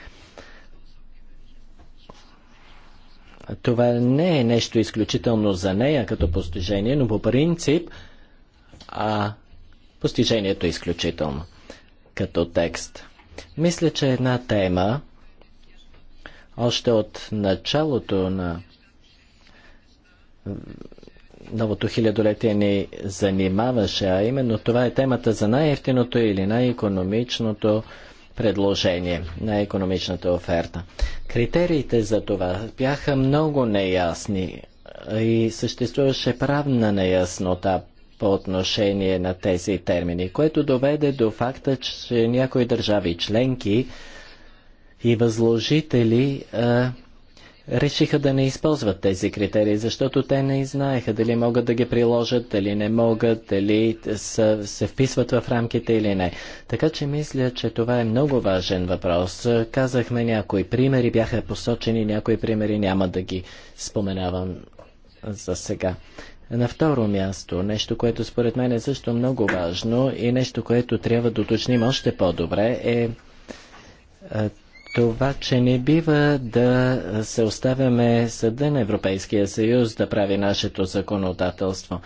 Това не е нещо изключително за нея като постижение, но по принцип а, постижението е изключително като текст. Мисля, че една тема още от началото на новото хилядолетие ни занимаваше, а именно това е темата за най-ефтиното или най-економичното предложение на економичната оферта. Критериите за това бяха много неясни и съществуваше правна неяснота по отношение на тези термини, което доведе до факта, че някои държави членки и възложители а, решиха да не използват тези критерии, защото те не знаеха дали могат да ги приложат, дали не могат, дали са, се вписват в рамките или не. Така че мисля, че това е много важен въпрос. Казахме някои примери, бяха посочени някои примери, няма да ги споменавам за сега. На второ място, нещо, което според мен е също много важно и нещо, което трябва да уточним още по-добре е това, че не бива да се оставяме съда на Европейския съюз да прави нашето законодателство.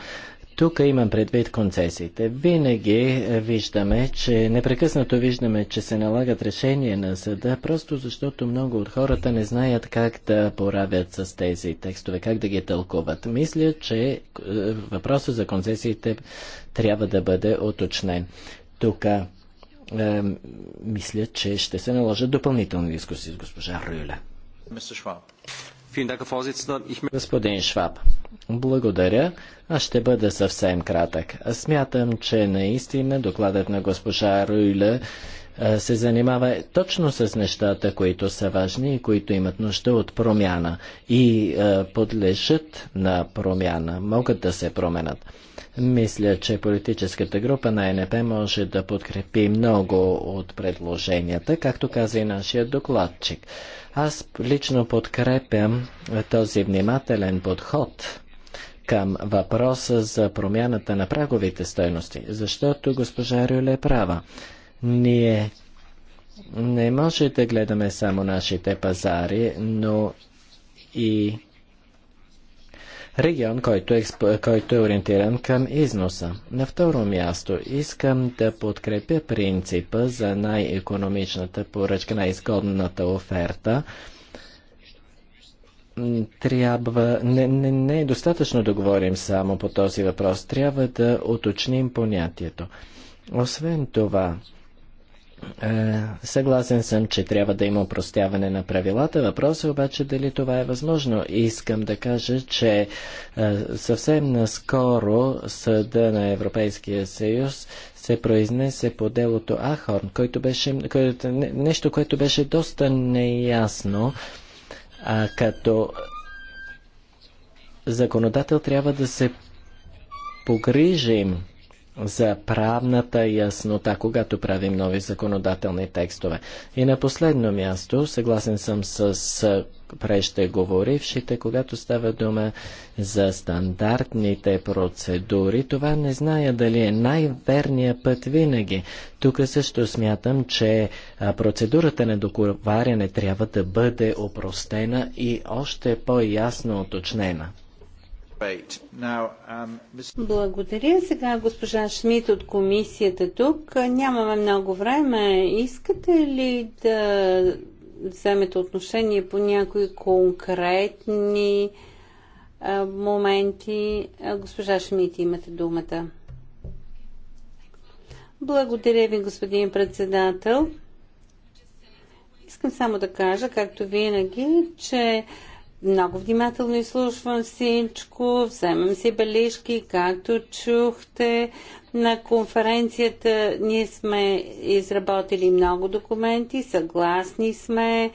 Тук имам предвид концесиите. Винаги виждаме, че непрекъснато виждаме, че се налагат решения на съда, просто защото много от хората не знаят как да поравят с тези текстове, как да ги тълкуват. Мисля, че е, въпросът за концесиите трябва да бъде уточнен. Тук е, мисля, че ще се наложат допълнителни дискусии с госпожа Рюля. Господин Шваб, благодаря. Аз ще бъда съвсем кратък. Аз смятам, че наистина докладът на госпожа Руйле е, се занимава точно с нещата, които са важни и които имат нужда от промяна и е, подлежат на промяна, могат да се променят. Мисля, че политическата група на НП може да подкрепи много от предложенията, както каза и нашия докладчик. Аз лично подкрепям този внимателен подход към въпроса за промяната на праговите стойности, защото госпожа Рюле е права. Ние не може да гледаме само нашите пазари, но и регион, който е, който е ориентиран към износа. На второ място искам да подкрепя принципа за най-економичната поръчка, най-изгодната оферта. Трябва. Не, не, не е достатъчно да говорим само по този въпрос. Трябва да уточним понятието. Освен това, е, съгласен съм, че трябва да има упростяване на правилата. Въпросът е обаче дали това е възможно. Искам да кажа, че е, съвсем наскоро Съда на Европейския съюз се произнесе по делото Ахорн, който беше, който, нещо, което беше доста неясно, а като законодател трябва да се погрижим за правната яснота, когато правим нови законодателни текстове. И на последно място, съгласен съм с прещеговорившите, когато става дума за стандартните процедури, това не зная дали е най-верният път винаги. Тук също смятам, че процедурата на договаряне трябва да бъде опростена и още по-ясно уточнена. Um, Благодаря. Сега госпожа Шмидт от комисията тук. Нямаме много време. Искате ли да вземете отношение по някои конкретни моменти? Госпожа Шмидт, имате думата. Благодаря ви, господин председател. Искам само да кажа, както винаги, че много внимателно изслушвам всичко, вземам си бележки, както чухте. На конференцията ние сме изработили много документи, съгласни сме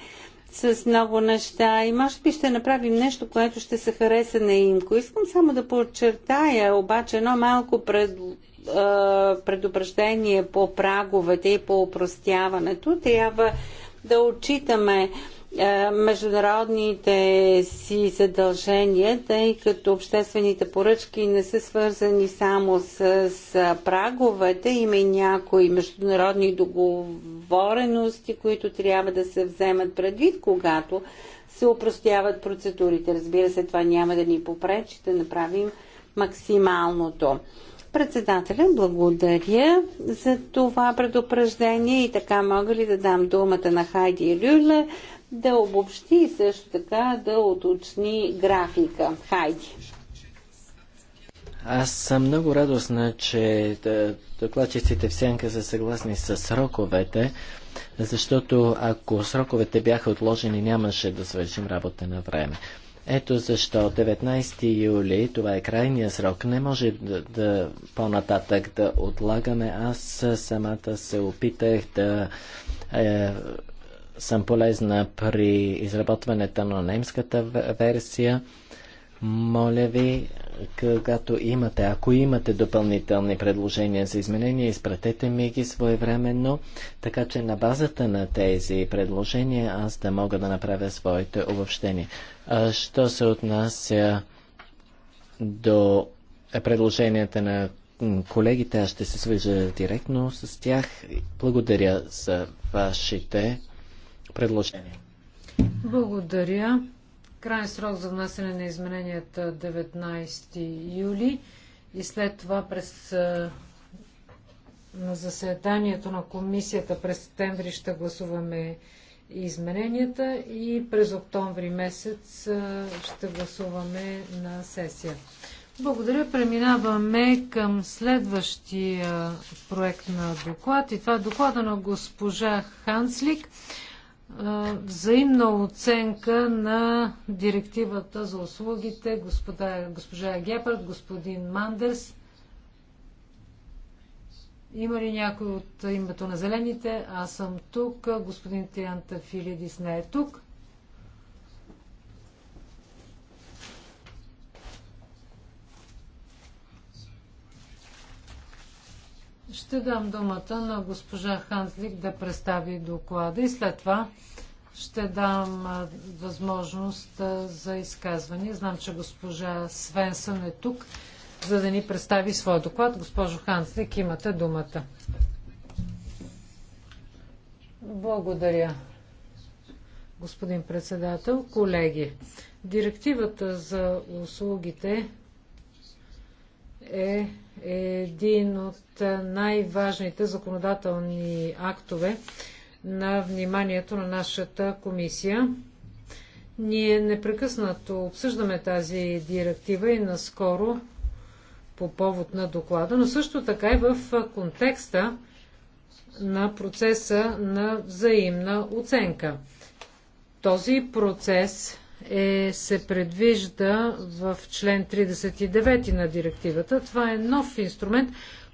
с много неща и може би ще направим нещо, което ще се хареса на Имко. Искам само да подчертая обаче едно малко пред, е, предупреждение по праговете и по упростяването. Трябва да отчитаме е, международните си задължения, тъй като обществените поръчки не са свързани само с, с праговете, има и някои международни договорености, които трябва да се вземат предвид, когато се упростяват процедурите. Разбира се, това няма да ни попречи да направим максималното. Председателя, благодаря за това предупреждение и така мога ли да дам думата на Хайди Люле да обобщи и също така да уточни графика. Хайди. Аз съм много радостна, че докладчиците в Сянка са съгласни с сроковете, защото ако сроковете бяха отложени, нямаше да свършим работа на време. Ето защо 19 юли, това е крайния срок, не може да, да по-нататък да отлагаме. Аз самата се опитах да е, съм полезна при изработването на немската версия. Моля ви, когато имате, ако имате допълнителни предложения за изменения, изпратете ми ги своевременно, така че на базата на тези предложения аз да мога да направя своите обобщения. А, що се отнася до предложенията на колегите, аз ще се свържа директно с тях. Благодаря за вашите предложение. Благодаря. Крайен срок за внасяне на измененията 19 е юли и след това през на заседанието на комисията през септември ще гласуваме измененията и през октомври месец ще гласуваме на сесия. Благодаря. Преминаваме към следващия проект на доклад и това е доклада на госпожа Ханслик взаимна оценка на директивата за услугите, господа, госпожа Гепард, господин Мандерс. Има ли някой от името на зелените? Аз съм тук. Господин Тианта Филидис не е тук. Ще дам думата на госпожа Ханслик да представи доклада и след това ще дам възможност за изказване. Знам, че госпожа Свенсън е тук, за да ни представи своя доклад. Госпожо Ханслик, имате думата. Благодаря, господин председател. Колеги, директивата за услугите е е един от най-важните законодателни актове на вниманието на нашата комисия. Ние непрекъснато обсъждаме тази директива и наскоро по повод на доклада, но също така и в контекста на процеса на взаимна оценка. Този процес е, се предвижда в член 39 на директивата. Това е нов инструмент,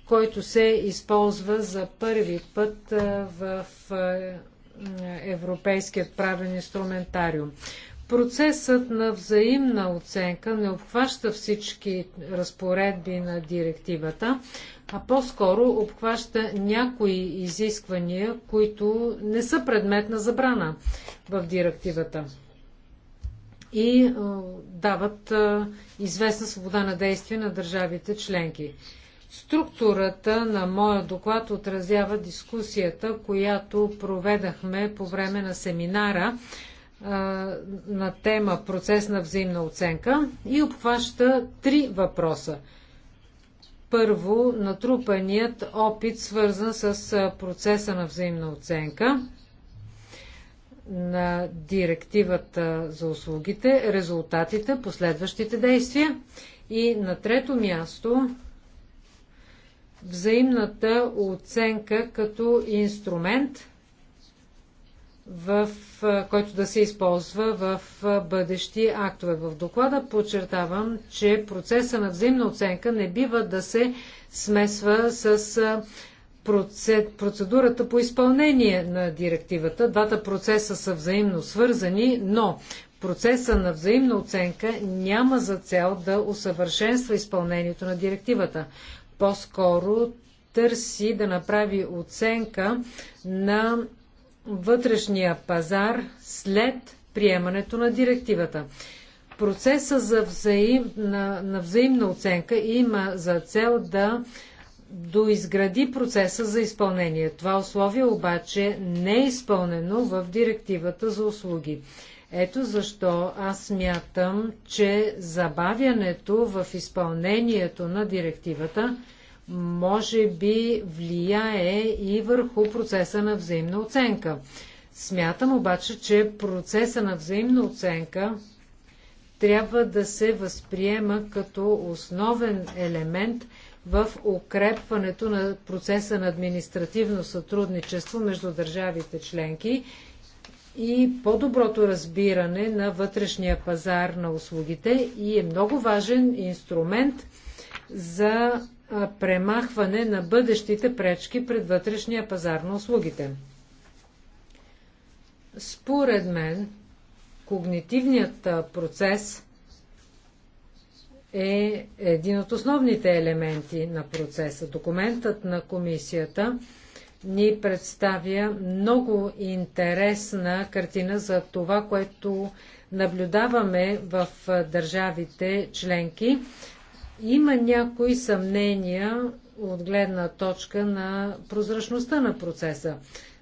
който се използва за първи път е, в е, Европейският правен инструментариум. Процесът на взаимна оценка не обхваща всички разпоредби на директивата, а по-скоро обхваща някои изисквания, които не са предмет на забрана в директивата и е, дават е, известна свобода на действие на държавите членки. Структурата на моя доклад отразява дискусията, която проведахме по време на семинара а, е, на тема процес на взаимна оценка и обхваща три въпроса. Първо, натрупаният опит, свързан с процеса на взаимна оценка на директивата за услугите, резултатите, последващите действия. И на трето място взаимната оценка като инструмент, в, който да се използва в бъдещи актове. В доклада подчертавам, че процеса на взаимна оценка не бива да се смесва с процедурата по изпълнение на директивата. Двата процеса са взаимно свързани, но процеса на взаимна оценка няма за цел да усъвършенства изпълнението на директивата. По-скоро търси да направи оценка на вътрешния пазар след приемането на директивата. Процеса за взаим, на, на взаимна оценка има за цел да доизгради процеса за изпълнение. Това условие обаче не е изпълнено в директивата за услуги. Ето защо аз смятам, че забавянето в изпълнението на директивата може би влияе и върху процеса на взаимна оценка. Смятам обаче, че процеса на взаимна оценка трябва да се възприема като основен елемент – в укрепването на процеса на административно сътрудничество между държавите членки и по-доброто разбиране на вътрешния пазар на услугите и е много важен инструмент за премахване на бъдещите пречки пред вътрешния пазар на услугите. Според мен, когнитивният процес е един от основните елементи на процеса. Документът на комисията ни представя много интересна картина за това, което наблюдаваме в държавите членки. Има някои съмнения от гледна точка на прозрачността на процеса.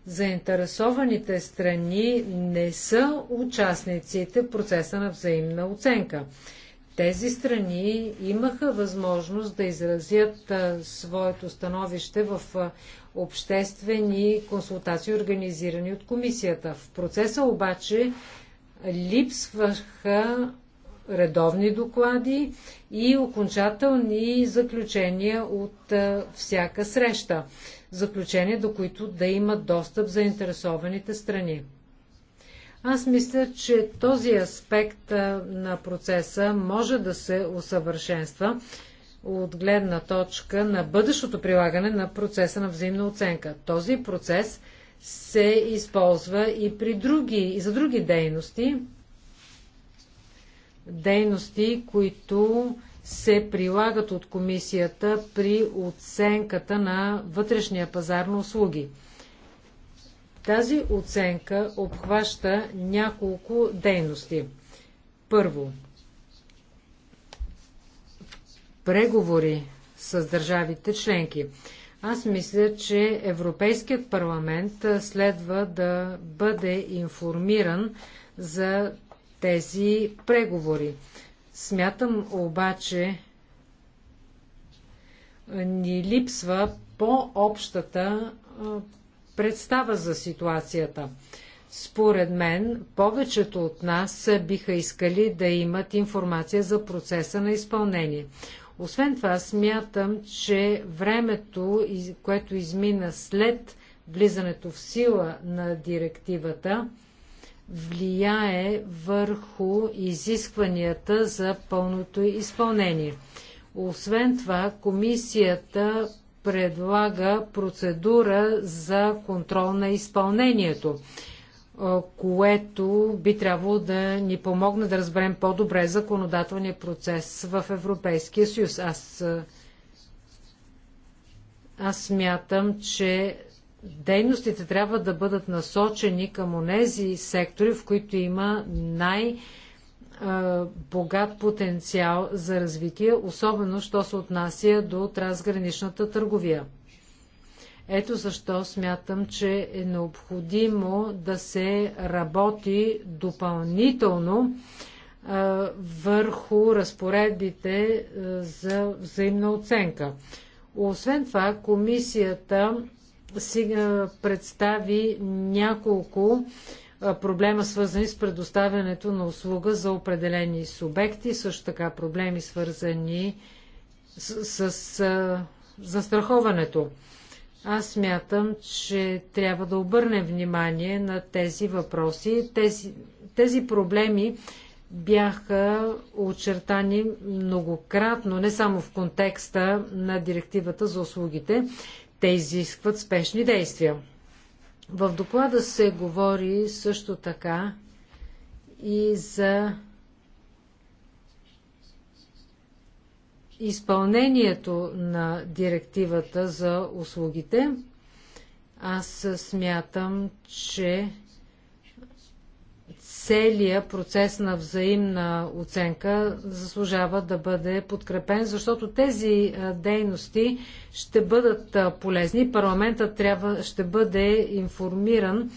Заинтересованите страни не са участниците в процеса на взаимна оценка. Тези страни имаха възможност да изразят своето становище в обществени консултации, организирани от комисията. В процеса обаче липсваха редовни доклади и окончателни заключения от всяка среща. Заключения, до които да имат достъп заинтересованите страни. Аз мисля, че този аспект на процеса може да се усъвършенства от гледна точка на бъдещото прилагане на процеса на взаимна оценка. Този процес се използва и, при други, и за други дейности, дейности, които се прилагат от комисията при оценката на вътрешния пазар на услуги. Тази оценка обхваща няколко дейности. Първо, преговори с държавите членки. Аз мисля, че Европейският парламент следва да бъде информиран за тези преговори. Смятам обаче, ни липсва по-общата представа за ситуацията. Според мен, повечето от нас биха искали да имат информация за процеса на изпълнение. Освен това, смятам, че времето, което измина след влизането в сила на директивата, влияе върху изискванията за пълното изпълнение. Освен това, комисията предлага процедура за контрол на изпълнението, е, което би трябвало да ни помогне да разберем по-добре законодателния процес в Европейския съюз. Аз, е, аз смятам, че дейностите трябва да бъдат насочени към онези сектори, в които има най- богат потенциал за развитие, особено що се отнася до трансграничната търговия. Ето защо смятам, че е необходимо да се работи допълнително върху разпоредбите за взаимна оценка. Освен това, комисията си представи няколко проблема свързани с предоставянето на услуга за определени субекти, също така проблеми свързани с, с, с застраховането. Аз смятам, че трябва да обърнем внимание на тези въпроси. Тези, тези проблеми бяха очертани многократно, не само в контекста на директивата за услугите. Те изискват спешни действия. В доклада се говори също така и за изпълнението на директивата за услугите. Аз смятам, че целият процес на взаимна оценка заслужава да бъде подкрепен, защото тези е, дейности ще бъдат е, полезни. Парламентът трябва, ще бъде информиран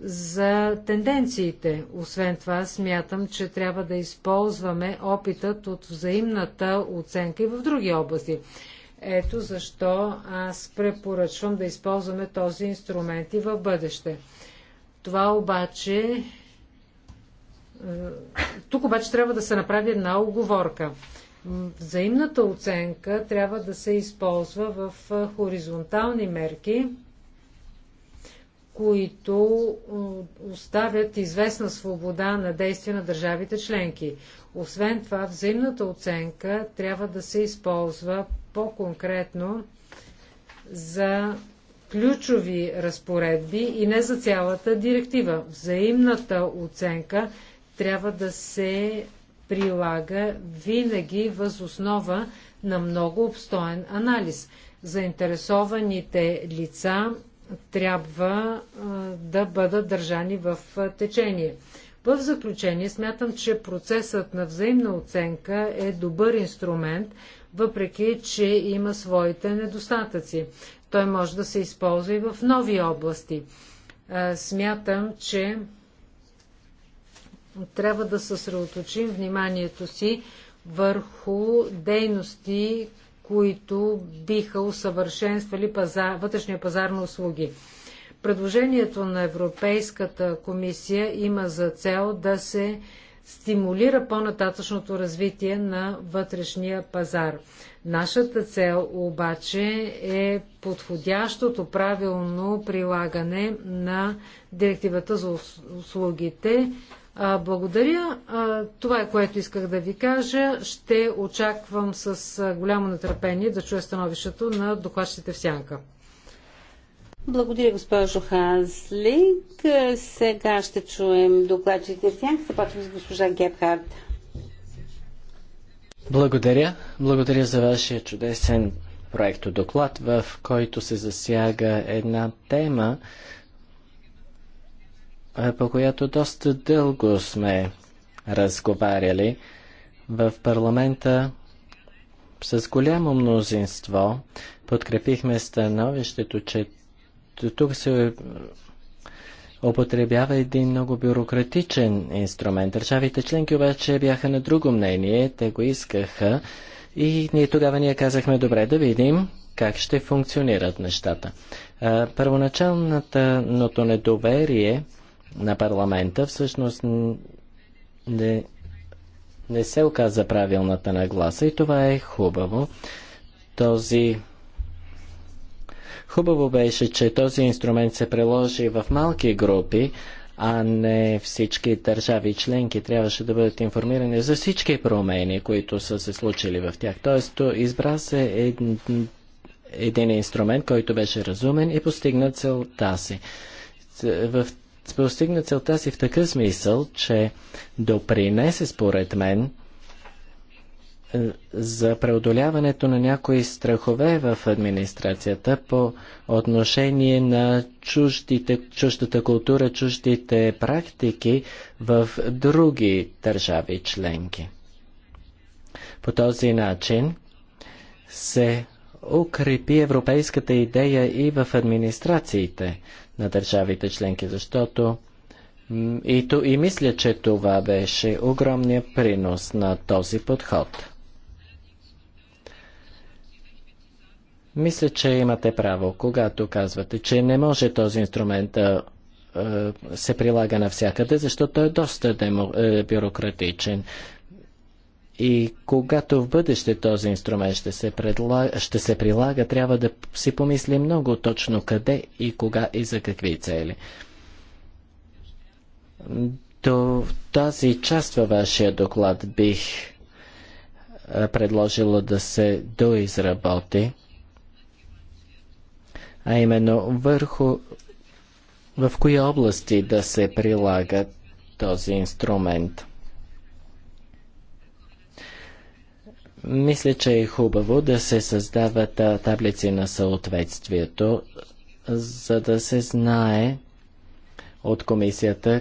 за тенденциите. Освен това, смятам, че трябва да използваме опитът от взаимната оценка и в други области. Ето защо аз препоръчвам да използваме този инструмент и в бъдеще. Това обаче тук обаче трябва да се направи една оговорка. Взаимната оценка трябва да се използва в хоризонтални мерки, които оставят известна свобода на действие на държавите членки. Освен това, взаимната оценка трябва да се използва по-конкретно за ключови разпоредби и не за цялата директива. Взаимната оценка трябва да се прилага винаги въз основа на много обстоен анализ. Заинтересованите лица трябва а, да бъдат държани в а, течение. В заключение смятам, че процесът на взаимна оценка е добър инструмент, въпреки че има своите недостатъци. Той може да се използва и в нови области. А, смятам, че трябва да съсредоточим вниманието си върху дейности, които биха усъвършенствали паза, вътрешния пазар на услуги. Предложението на Европейската комисия има за цел да се стимулира по-нататъчното развитие на вътрешния пазар. Нашата цел обаче е подходящото правилно прилагане на директивата за услугите, благодаря. Това е което исках да ви кажа. Ще очаквам с голямо нетърпение да чуя становището на докладчите в Сянка. Благодаря, госпожо Ханслик. Сега ще чуем докладчите в Сянка. започваме с госпожа Гебхард. Благодаря. Благодаря за вашия чудесен проекто доклад, в който се засяга една тема, по която доста дълго сме разговаряли в парламента с голямо мнозинство. Подкрепихме становището, че тук се употребява един много бюрократичен инструмент. Държавите членки обаче бяха на друго мнение, те го искаха и ние тогава ние казахме, добре да видим как ще функционират нещата. Първоначалното недоверие на парламента всъщност не, не се оказа правилната нагласа и това е хубаво. Този Хубаво беше, че този инструмент се приложи в малки групи, а не всички държави и членки трябваше да бъдат информирани за всички промени, които са се случили в тях. Тоест, избра се един, един инструмент, който беше разумен и постигна целта си. В постигне целта си в такъв смисъл, че допринесе според мен е, за преодоляването на някои страхове в администрацията по отношение на чуждите, чуждата култура, чуждите практики в други държави членки. По този начин се укрепи европейската идея и в администрациите на държавите членки, защото и, то, и мисля, че това беше огромния принос на този подход. Мисля, че имате право, когато казвате, че не може този инструмент да се прилага навсякъде, защото той е доста демо, е, бюрократичен. И когато в бъдеще този инструмент ще се, предлага, ще се прилага, трябва да си помисли много точно къде и кога и за какви цели. До тази част във вашия доклад бих предложила да се доизработи, а именно върху в кои области да се прилага този инструмент – Мисля, че е хубаво да се създават таблици на съответствието, за да се знае от комисията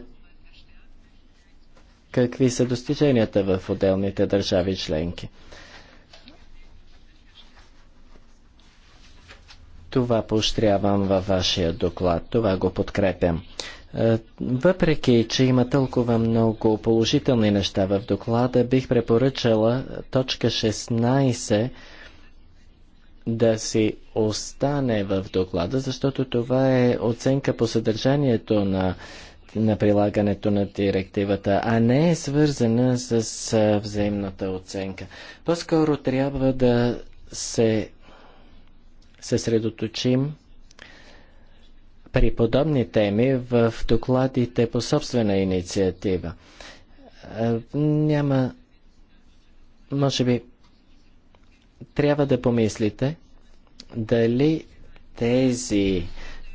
какви са достиженията в отделните държави членки. Това поощрявам във вашия доклад. Това го подкрепям. Е, въпреки, че има толкова много положителни неща в доклада, бих препоръчала точка 16 да си остане в доклада, защото това е оценка по съдържанието на, на прилагането на директивата, а не е свързана с взаимната оценка. По-скоро трябва да се съсредоточим при подобни теми в докладите по собствена инициатива. Е, няма. Може би трябва да помислите дали тези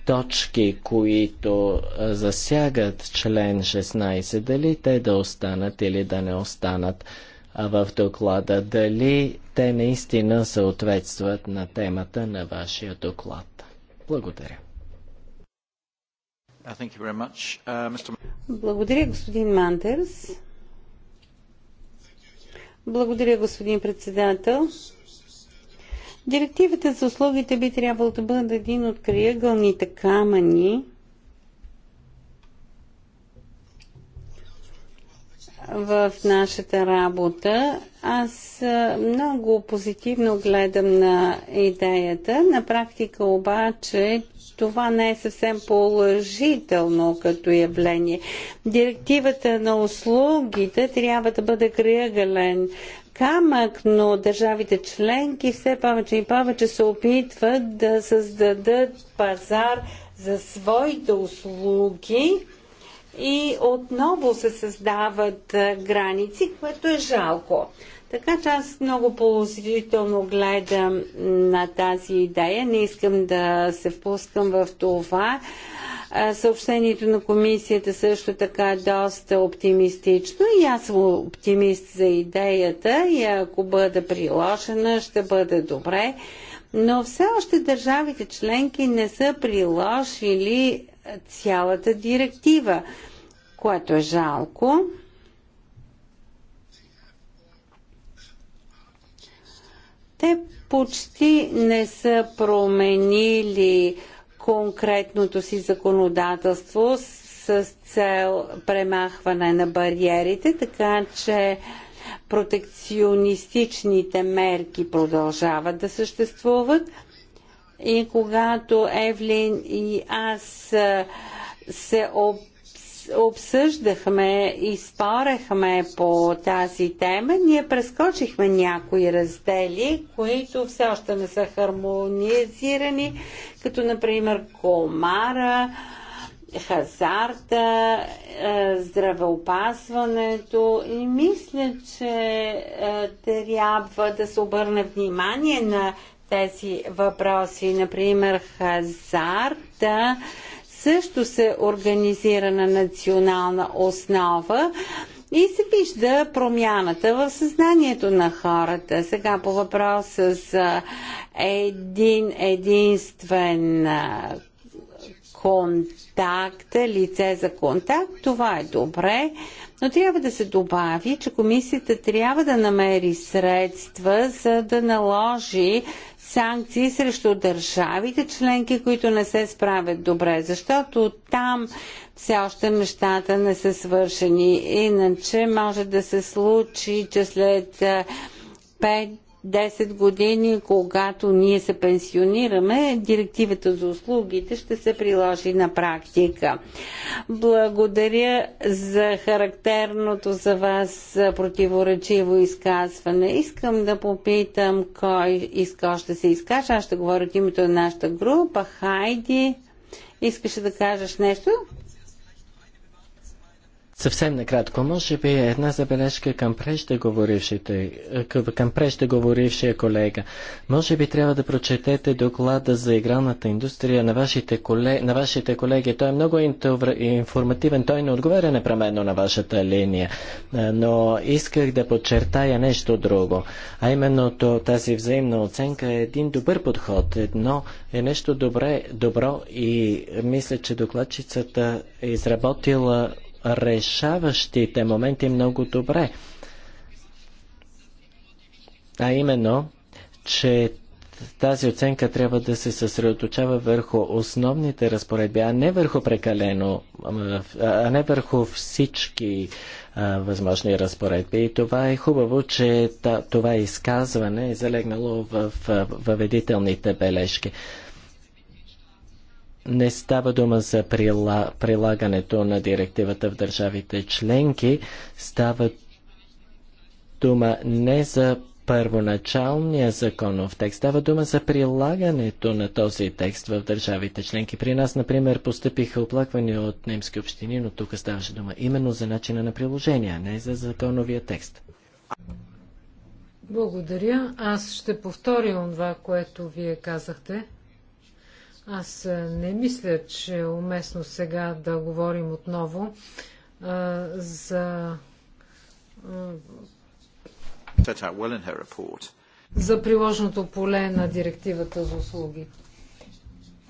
точки, които е, засягат член 16, дали те да останат или да не останат в доклада, дали те наистина съответстват на темата на вашия доклад. Благодаря. Uh, uh, Благодаря, господин Мандерс. Благодаря, господин председател. Директивата за услугите би трябвало да бъде един от криъгълните камъни в нашата работа. Аз много позитивно гледам на идеята. На практика обаче това не е съвсем положително като явление. Директивата на услугите трябва да бъде кръгален камък, но държавите членки все повече и повече се опитват да създадат пазар за своите услуги и отново се създават граници, което е жалко. Така че аз много положително гледам на тази идея. Не искам да се впускам в това. Съобщението на комисията също така е доста оптимистично и аз съм оптимист за идеята и ако бъде приложена ще бъде добре. Но все още държавите членки не са приложили цялата директива, което е жалко. Те почти не са променили конкретното си законодателство с цел премахване на бариерите, така че протекционистичните мерки продължават да съществуват. И когато Евлин и аз се опитваме обсъждахме и спорехме по тази тема, ние прескочихме някои раздели, които все още не са хармонизирани, като например комара, хазарта, е, здравеопазването и мисля, че е, трябва да се обърне внимание на тези въпроси. Например, хазарта също се организира на национална основа и се вижда промяната в съзнанието на хората. Сега по въпроса за един единствен контакт, лице за контакт, това е добре, но трябва да се добави, че комисията трябва да намери средства, за да наложи санкции срещу държавите членки, които не се справят добре, защото там все още нещата не са свършени. Иначе може да се случи, че след 5 10 години, когато ние се пенсионираме, директивата за услугите ще се приложи на практика. Благодаря за характерното за вас противоречиво изказване. Искам да попитам кой иска още се изкаже. Аз ще говоря от името на нашата група. Хайди, искаше да кажеш нещо? Съвсем накратко, може би една забележка към преждеговорившите, към преждеговорившия колега. Може би трябва да прочетете доклада за игралната индустрия на вашите, колег, на вашите колеги. Той е много информативен, той не отговаря непременно на вашата линия. Но исках да подчертая нещо друго. А именно то, тази взаимна оценка е един добър подход. Едно е нещо добре, добро и мисля, че докладчицата е изработила решаващите моменти много добре. А именно, че тази оценка трябва да се съсредоточава върху основните разпоредби, а не върху прекалено, а не върху всички а, възможни разпоредби. И това е хубаво, че това изказване е залегнало в въведителните бележки не става дума за прила, прилагането на директивата в държавите членки, става дума не за първоначалния законов текст, става дума за прилагането на този текст в държавите членки. При нас, например, постъпиха оплаквания от немски общини, но тук ставаше дума именно за начина на приложение, а не за законовия текст. Благодаря. Аз ще повторя това, което вие казахте. Аз не мисля, че е уместно сега да говорим отново а, за за приложното поле на директивата за услуги.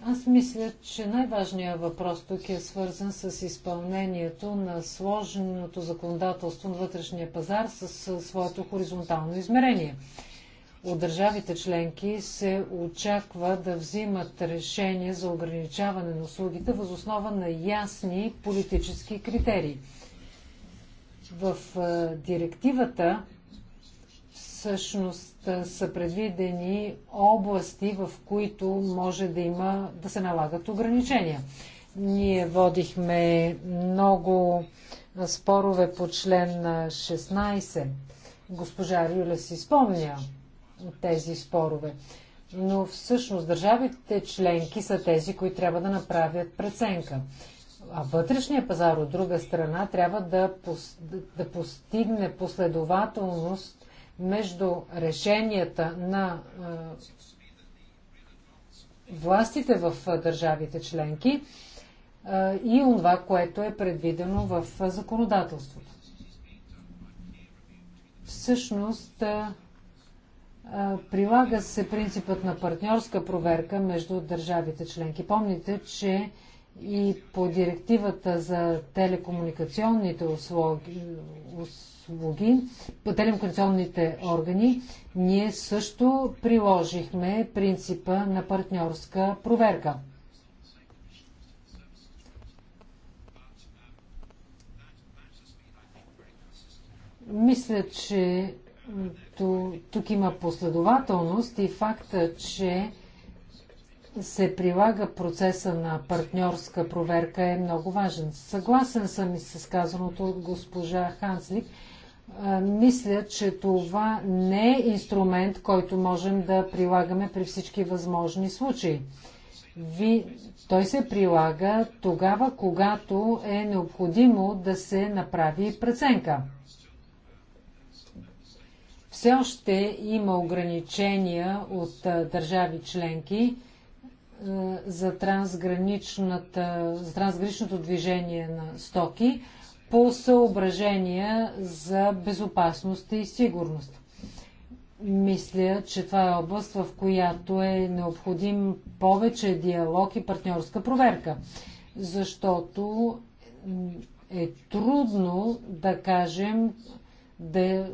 Аз мисля, че най-важният въпрос тук е свързан с изпълнението на сложеното законодателство на вътрешния пазар с своето хоризонтално измерение от държавите членки се очаква да взимат решение за ограничаване на услугите въз основа на ясни политически критерии. В директивата всъщност са предвидени области, в които може да има да се налагат ограничения. Ние водихме много спорове по член 16. Госпожа Рюля си спомня тези спорове. Но всъщност държавите членки са тези, които трябва да направят преценка. А вътрешния пазар, от друга страна, трябва да, пос... да постигне последователност между решенията на е, властите в държавите членки е, и това, което е предвидено в законодателството. Всъщност, Прилага се принципът на партньорска проверка между държавите членки. Помните, че и по директивата за телекомуникационните услуги, услуги по телекомуникационните органи, ние също приложихме принципа на партньорска проверка. Мисля, че тук има последователност и факта, че се прилага процеса на партньорска проверка е много важен. Съгласен съм и с казаното от госпожа Ханслик. Мисля, че това не е инструмент, който можем да прилагаме при всички възможни случаи. Ви... Той се прилага тогава, когато е необходимо да се направи преценка все още има ограничения от държави членки за, за трансграничното движение на стоки по съображения за безопасност и сигурност. Мисля, че това е област, в която е необходим повече диалог и партньорска проверка, защото е трудно да кажем да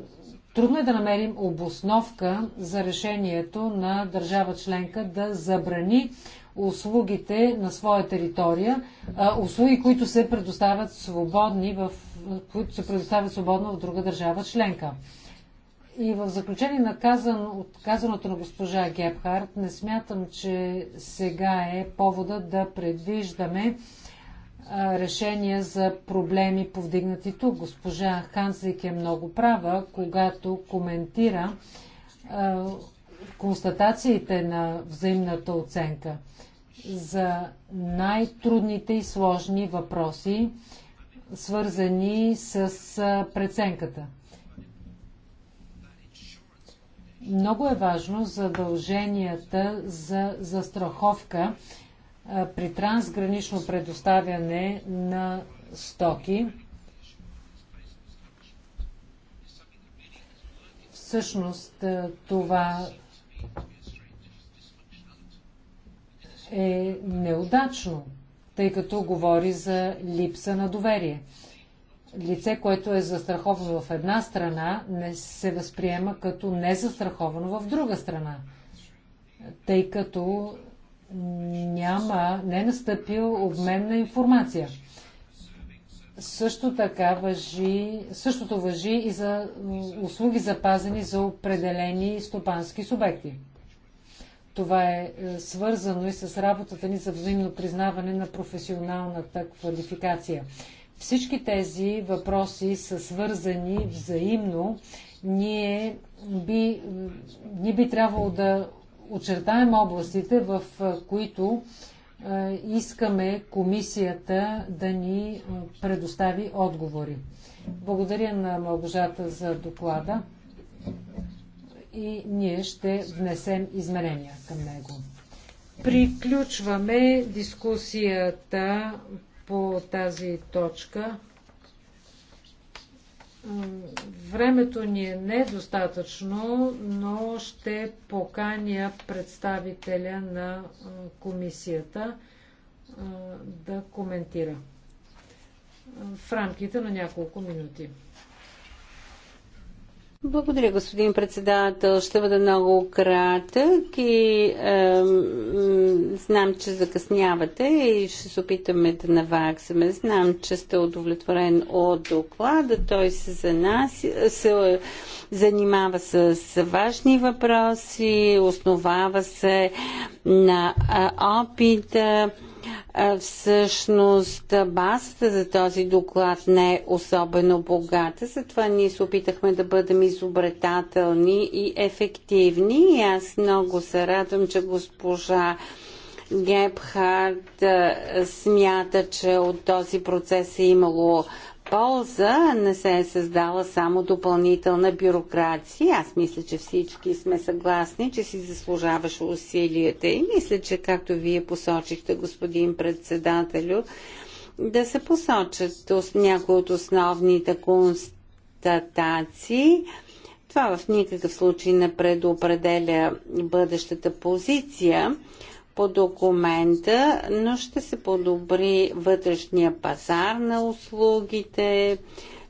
Трудно е да намерим обосновка за решението на държава членка да забрани услугите на своя територия, услуги, които се предоставят свободни в, които се предоставят свободно в друга държава членка. И в заключение на казан, казаното на госпожа Гебхарт, не смятам, че сега е повода да предвиждаме решения за проблеми повдигнати тук. Госпожа Ханзик е много права, когато коментира констатациите на взаимната оценка за най-трудните и сложни въпроси, свързани с преценката. Много е важно задълженията за застраховка при трансгранично предоставяне на стоки. Всъщност това е неудачно, тъй като говори за липса на доверие. Лице, което е застраховано в една страна, не се възприема като незастраховано в друга страна, тъй като няма, не е настъпил обмен на информация. Също така въжи, същото въжи и за услуги запазени за определени стопански субекти. Това е, е свързано и с работата ни за взаимно признаване на професионалната квалификация. Всички тези въпроси са свързани взаимно. Ние би, ние би трябвало да очертаем областите, в които искаме комисията да ни предостави отговори. Благодаря на Малгожата за доклада и ние ще внесем изменения към него. Приключваме дискусията по тази точка. Времето ни е недостатъчно, но ще поканя представителя на комисията да коментира в рамките на няколко минути. Благодаря, господин председател. Ще бъда много кратък и е, знам, че закъснявате и ще се опитаме да наваксаме. Знам, че сте удовлетворен от доклада. Той се, за нас, се занимава с важни въпроси, основава се на опита. Е, Всъщност базата за този доклад не е особено богата, затова ние се опитахме да бъдем изобретателни и ефективни. И аз много се радвам, че госпожа Гебхард смята, че от този процес е имало полза не се е създала само допълнителна бюрокрация. Аз мисля, че всички сме съгласни, че си заслужаваш усилията и мисля, че както вие посочихте, господин председателю, да се посочат някои от основните констатации. Това в никакъв случай не предопределя бъдещата позиция по документа, но ще се подобри вътрешния пазар на услугите.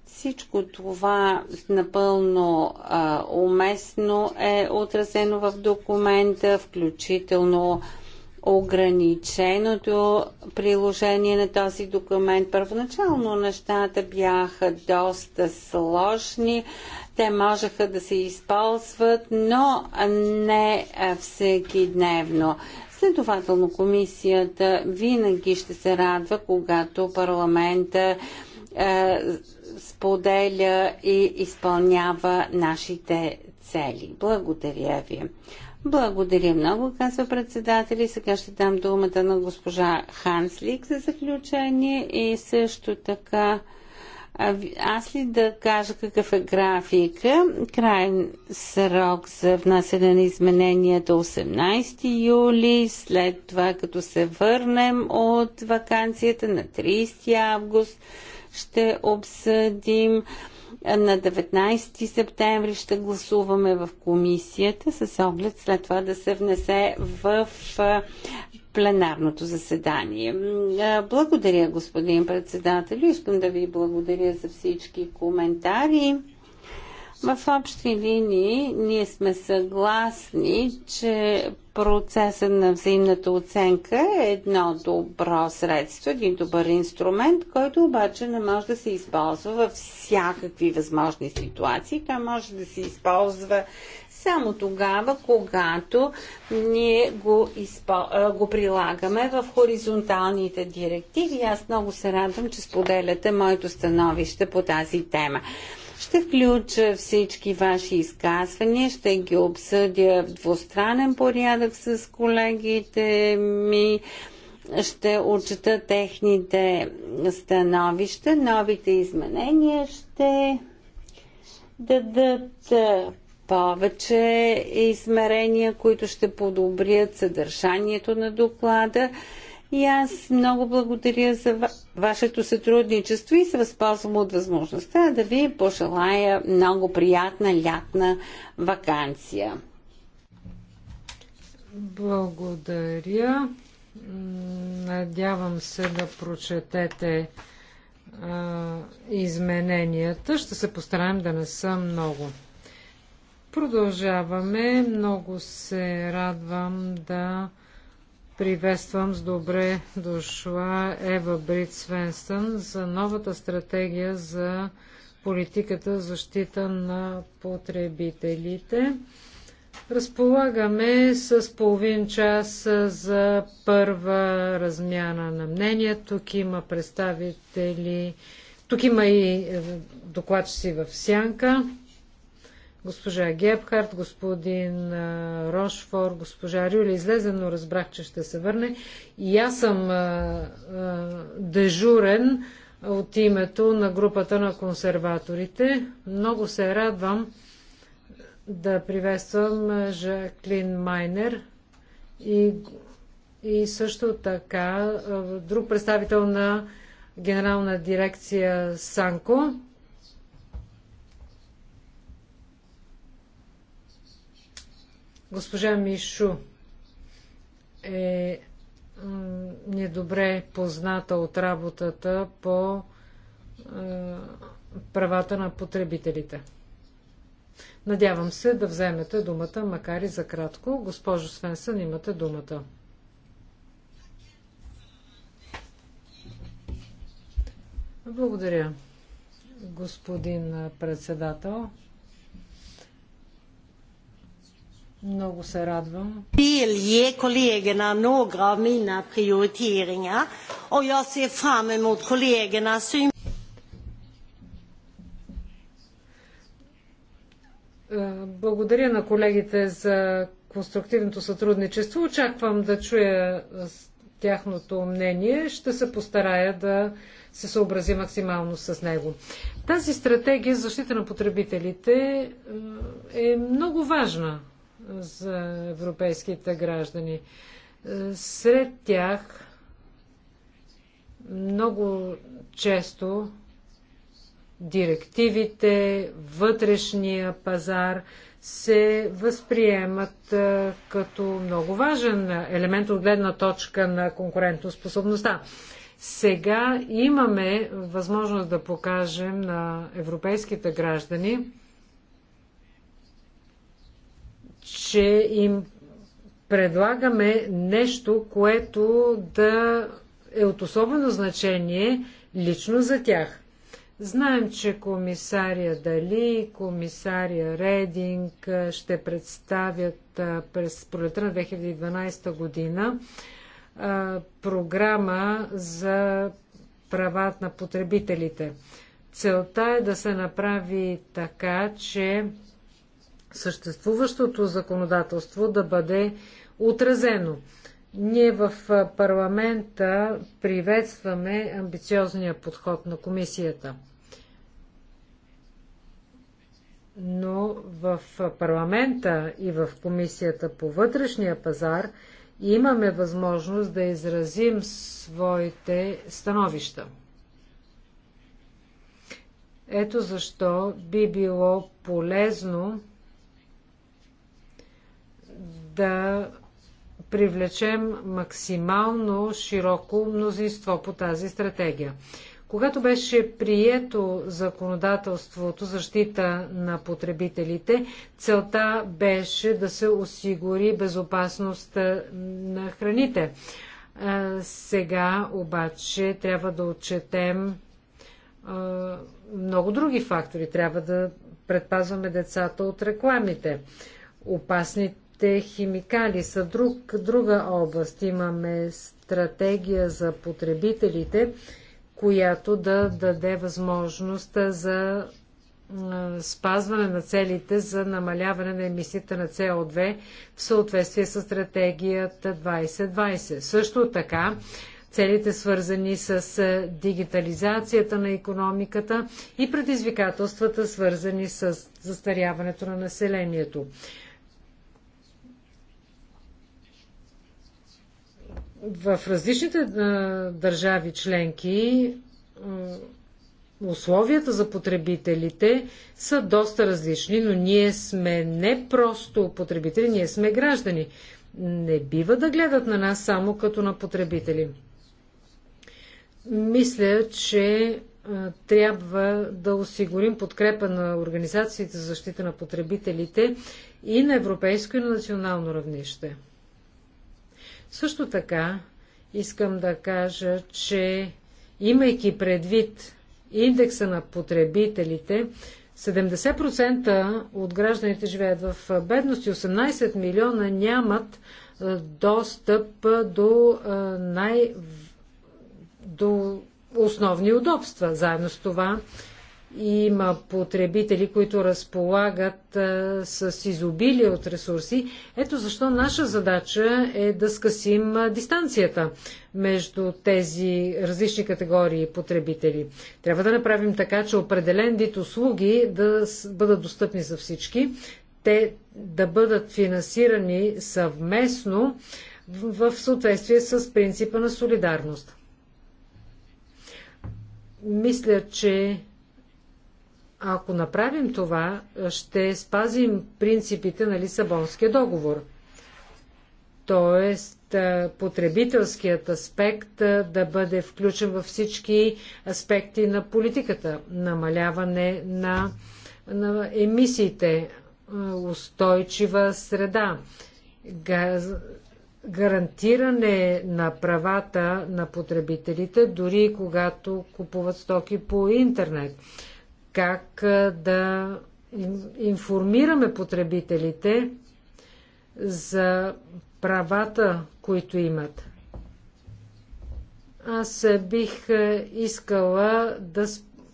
Всичко това напълно а, уместно е отразено в документа, включително ограниченото приложение на този документ. Първоначално нещата бяха доста сложни, те можеха да се използват, но не всеки дневно. Следователно комисията винаги ще се радва, когато парламента е, споделя и изпълнява нашите цели. Благодаря ви. Благодаря много, казва председатели. Сега ще дам думата на госпожа Ханслик за заключение и също така аз ли да кажа какъв е графика? Крайен срок за внасяне на измененията 18 е юли, след това като се върнем от вакансията на 30 август ще обсъдим на 19 септември ще гласуваме в комисията с оглед след това да се внесе в пленарното заседание. Благодаря, господин председател. Искам да ви благодаря за всички коментари. В общи линии ние сме съгласни, че процесът на взаимната оценка е едно добро средство, един добър инструмент, който обаче не може да се използва във всякакви възможни ситуации. Той може да се използва само тогава, когато ние го, изпо... го прилагаме в хоризонталните директиви. Аз много се радвам, че споделяте моето становище по тази тема. Ще включа всички ваши изказвания, ще ги обсъдя в двустранен порядък с колегите ми ще отчета техните становища, новите изменения ще дадат повече измерения, които ще подобрят съдържанието на доклада и аз много благодаря за ва вашето сътрудничество и се възползвам от възможността да ви пожелая много приятна лятна вакансия. Благодаря. Надявам се да прочетете а, измененията. Ще се постараем да не съм много. Продължаваме. Много се радвам да Приветствам с добре дошла Ева Брит Свенстън за новата стратегия за политиката защита на потребителите. Разполагаме с половин час за първа размяна на мнения. Тук има представители, тук има и е, докладчици в сянка госпожа Гебхарт, господин Рошфор, госпожа Рюли излезе, но разбрах, че ще се върне. И аз съм дежурен от името на групата на консерваторите. Много се радвам да приветствам Жаклин Майнер и, и също така друг представител на генерална дирекция Санко. Госпожа Мишу е недобре позната от работата по е, правата на потребителите. Надявам се да вземете думата, макар и за кратко. Госпожо Свенсън, имате думата. Благодаря, господин председател. Много се радвам. Delge kollegorna några av mina prioriteringar och jag ser fram emot kollegornas syn. Е, благодаря на колегите за конструктивното сътрудничество. Очаквам да чуя е, тяхното мнение. Ще се постарая да се съобрази максимално с него. Тази стратегия за защита на потребителите е, е много важна за европейските граждани. Сред тях много често директивите, вътрешния пазар се възприемат като много важен елемент от гледна точка на конкурентоспособността. Сега имаме възможност да покажем на европейските граждани, че им предлагаме нещо, което да е от особено значение лично за тях. Знаем, че комисария Дали, комисария Рединг ще представят през пролета на 2012 година програма за правата на потребителите. Целта е да се направи така, че съществуващото законодателство да бъде отразено. Ние в парламента приветстваме амбициозния подход на комисията. Но в парламента и в комисията по вътрешния пазар имаме възможност да изразим своите становища. Ето защо би било полезно да привлечем максимално широко мнозинство по тази стратегия. Когато беше прието законодателството защита на потребителите, целта беше да се осигури безопасност на храните. Сега обаче трябва да отчетем много други фактори. Трябва да предпазваме децата от рекламите. опасните. Химичните химикали са друг, друга област. Имаме стратегия за потребителите, която да даде възможност за спазване на целите за намаляване на емисията на СО2 в съответствие с стратегията 2020. Също така, целите свързани с дигитализацията на економиката и предизвикателствата свързани с застаряването на населението. В различните държави членки условията за потребителите са доста различни, но ние сме не просто потребители, ние сме граждани. Не бива да гледат на нас само като на потребители. Мисля, че трябва да осигурим подкрепа на организациите за защита на потребителите и на европейско и на национално равнище. Също така искам да кажа, че имайки предвид индекса на потребителите, 70% от гражданите живеят в бедност и 18 милиона нямат достъп до, най... до основни удобства. Заедно с това има потребители, които разполагат а, с изобилие от ресурси. Ето защо наша задача е да скъсим а, дистанцията между тези различни категории потребители. Трябва да направим така, че определен вид услуги да бъдат достъпни за всички, те да бъдат финансирани съвместно в, в съответствие с принципа на солидарност. Мисля, че ако направим това, ще спазим принципите на Лисабонския договор. Тоест, потребителският аспект да бъде включен във всички аспекти на политиката. Намаляване на, на емисиите, устойчива среда, гарантиране на правата на потребителите, дори когато купуват стоки по интернет как да информираме потребителите за правата, които имат. Аз бих искала да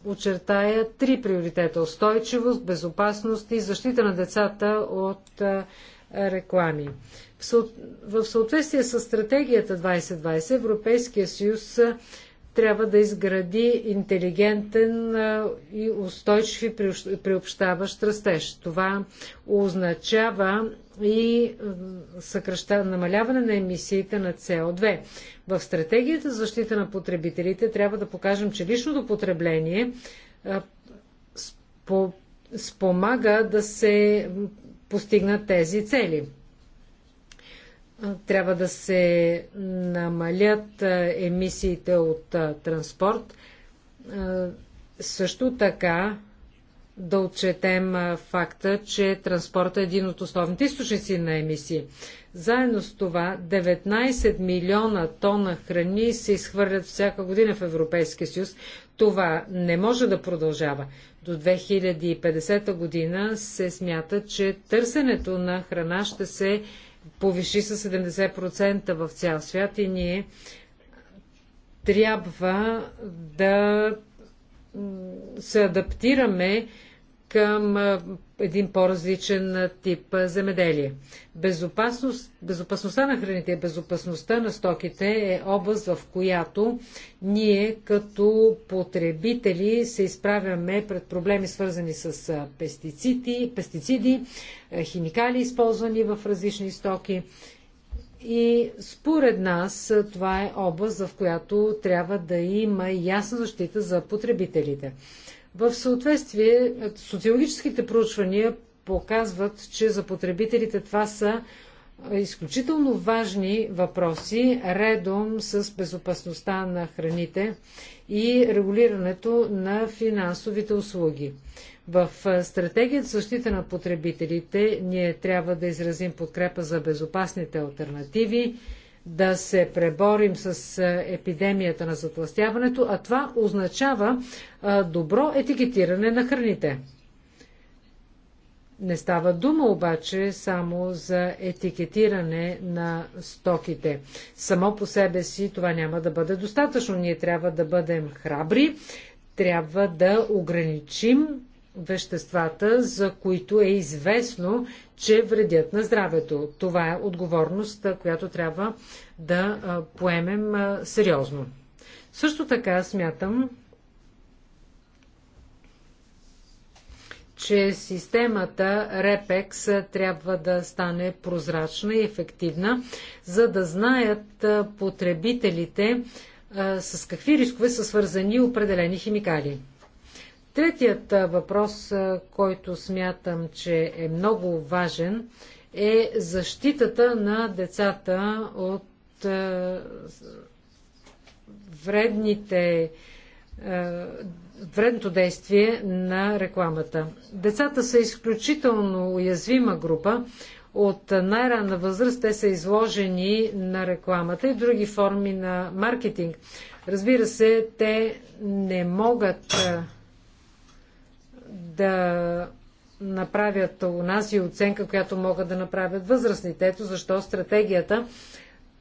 очертая три приоритета – устойчивост, безопасност и защита на децата от реклами. В съответствие с стратегията 2020 Европейския съюз трябва да изгради интелигентен и устойчив и приобщаващ растеж. Това означава и съкръща, намаляване на емисиите на CO2. В стратегията за защита на потребителите трябва да покажем, че личното потребление спомага да се постигнат тези цели. Трябва да се намалят емисиите от транспорт. Също така да отчетем факта, че транспорт е един от основните източници на емисии. Заедно с това 19 милиона тона храни се изхвърлят всяка година в Европейския съюз. Това не може да продължава. До 2050 година се смята, че търсенето на храна ще се повиши с 70% в цял свят и ние трябва да се адаптираме към един по-различен тип земеделие. Безопасност, безопасността на храните и безопасността на стоките е област, в която ние като потребители се изправяме пред проблеми свързани с пестициди, пестициди химикали използвани в различни стоки. И според нас това е област, в която трябва да има ясна защита за потребителите. В съответствие, е, социологическите проучвания показват, че за потребителите това са е, изключително важни въпроси, редом с безопасността на храните и регулирането на финансовите услуги. В е, стратегията за защита на потребителите ние трябва да изразим подкрепа за безопасните альтернативи, да се преборим с епидемията на затластяването, а това означава добро етикетиране на храните. Не става дума обаче само за етикетиране на стоките. Само по себе си това няма да бъде достатъчно. Ние трябва да бъдем храбри, трябва да ограничим веществата, за които е известно, че вредят на здравето. Това е отговорност, която трябва да поемем сериозно. Също така смятам, че системата РЕПЕКС трябва да стане прозрачна и ефективна, за да знаят потребителите с какви рискове са свързани определени химикали. Третият въпрос, който смятам, че е много важен, е защитата на децата от вредните вредното действие на рекламата. Децата са изключително уязвима група. От най-ранна възраст те са изложени на рекламата и други форми на маркетинг. Разбира се, те не могат да направят у нас и оценка, която могат да направят възрастните. Ето защо стратегията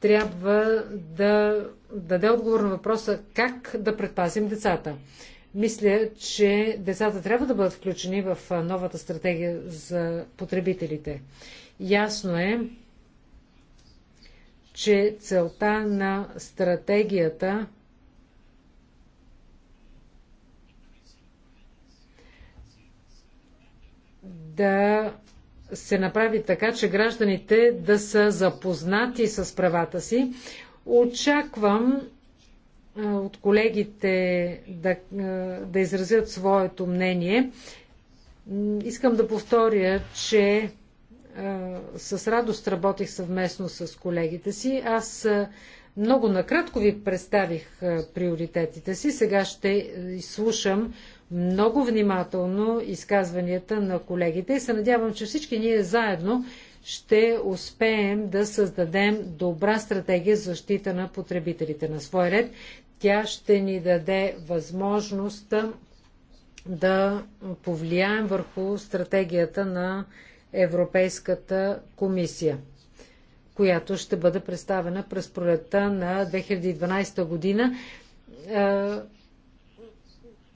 трябва да даде отговор на въпроса как да предпазим децата. Мисля, че децата трябва да бъдат включени в новата стратегия за потребителите. Ясно е, че целта на стратегията да се направи така, че гражданите да са запознати с правата си. Очаквам от колегите да, да изразят своето мнение. Искам да повторя, че с радост работих съвместно с колегите си. Аз много накратко ви представих приоритетите си. Сега ще изслушам много внимателно изказванията на колегите и се надявам, че всички ние заедно ще успеем да създадем добра стратегия за защита на потребителите. На свой ред тя ще ни даде възможност да повлияем върху стратегията на Европейската комисия, която ще бъде представена през пролета на 2012 година е,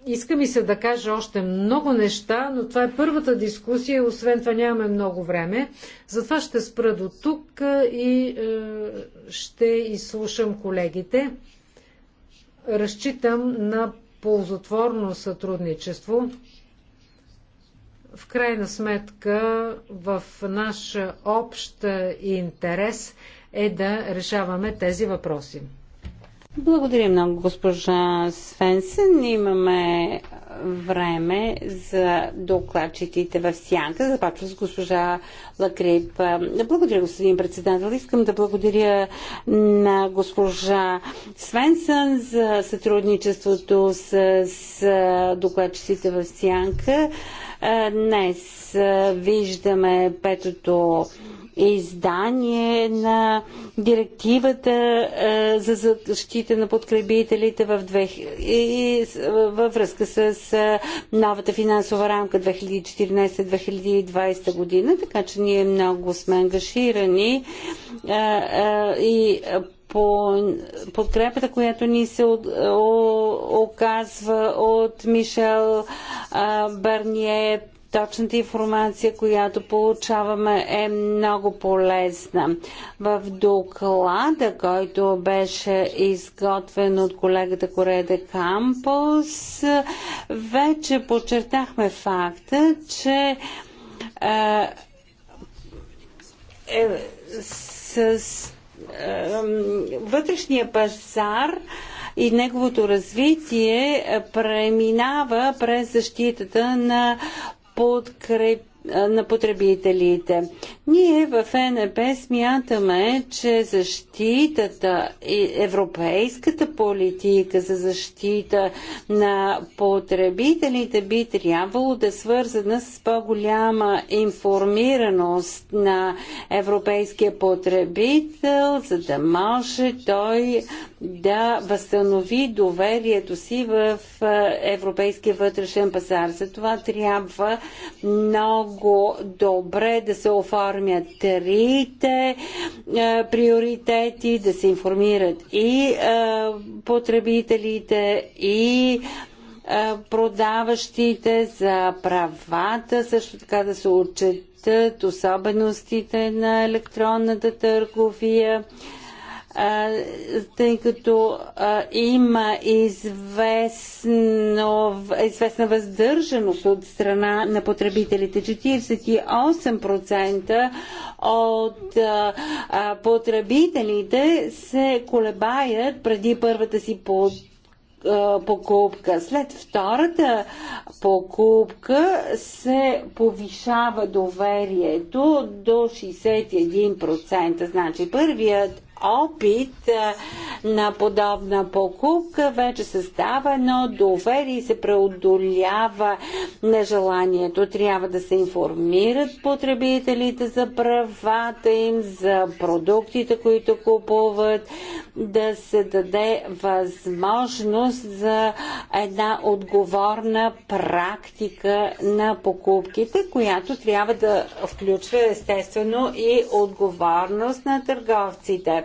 иска ми се да кажа още много неща, но това е първата дискусия, освен това нямаме много време. Затова ще спра до тук и е, ще изслушам колегите. Разчитам на ползотворно сътрудничество. В крайна сметка, в наш общ интерес е да решаваме тези въпроси. Благодаря много, госпожа Свенсен. Имаме време за докладчетите в сянка. Започва с госпожа Лакрип. Благодаря, господин председател. Искам да благодаря на госпожа Свенсън за сътрудничеството с, с докладчетите в сянка. Днес виждаме петото издание на директивата е, за защита на потребителите в две... и във връзка с е, новата финансова рамка 2014-2020 година, така че ние много сме ангажирани е, и по подкрепата, която ни се оказва от Мишел Барние точната информация, която получаваме е много полезна. В доклада, който беше изготвен от колегата Кореда Кампус, вече подчертахме факта, че е, е, с е, вътрешния пазар и неговото развитие преминава през защитата на подкреп на потребителите. Ние в ЕНП смятаме, че защитата и европейската политика за защита на потребителите би трябвало да свързана с по-голяма информираност на европейския потребител, за да може той да възстанови доверието си в европейския вътрешен пазар. Затова трябва много добре да се оформят трите приоритети, да се информират и потребителите, и продаващите, за правата, също така да се отчетат особеностите на електронната търговия тъй като има известно, известна въздържаност от страна на потребителите. 48% от потребителите се колебаят преди първата си под покупка. След втората покупка се повишава доверието до 61%. Значи първият опит на подобна покупка, вече става едно доверие и се преодолява нежеланието. Трябва да се информират потребителите за правата им, за продуктите, които купуват, да се даде възможност за една отговорна практика на покупките, която трябва да включва естествено и отговорност на търговците.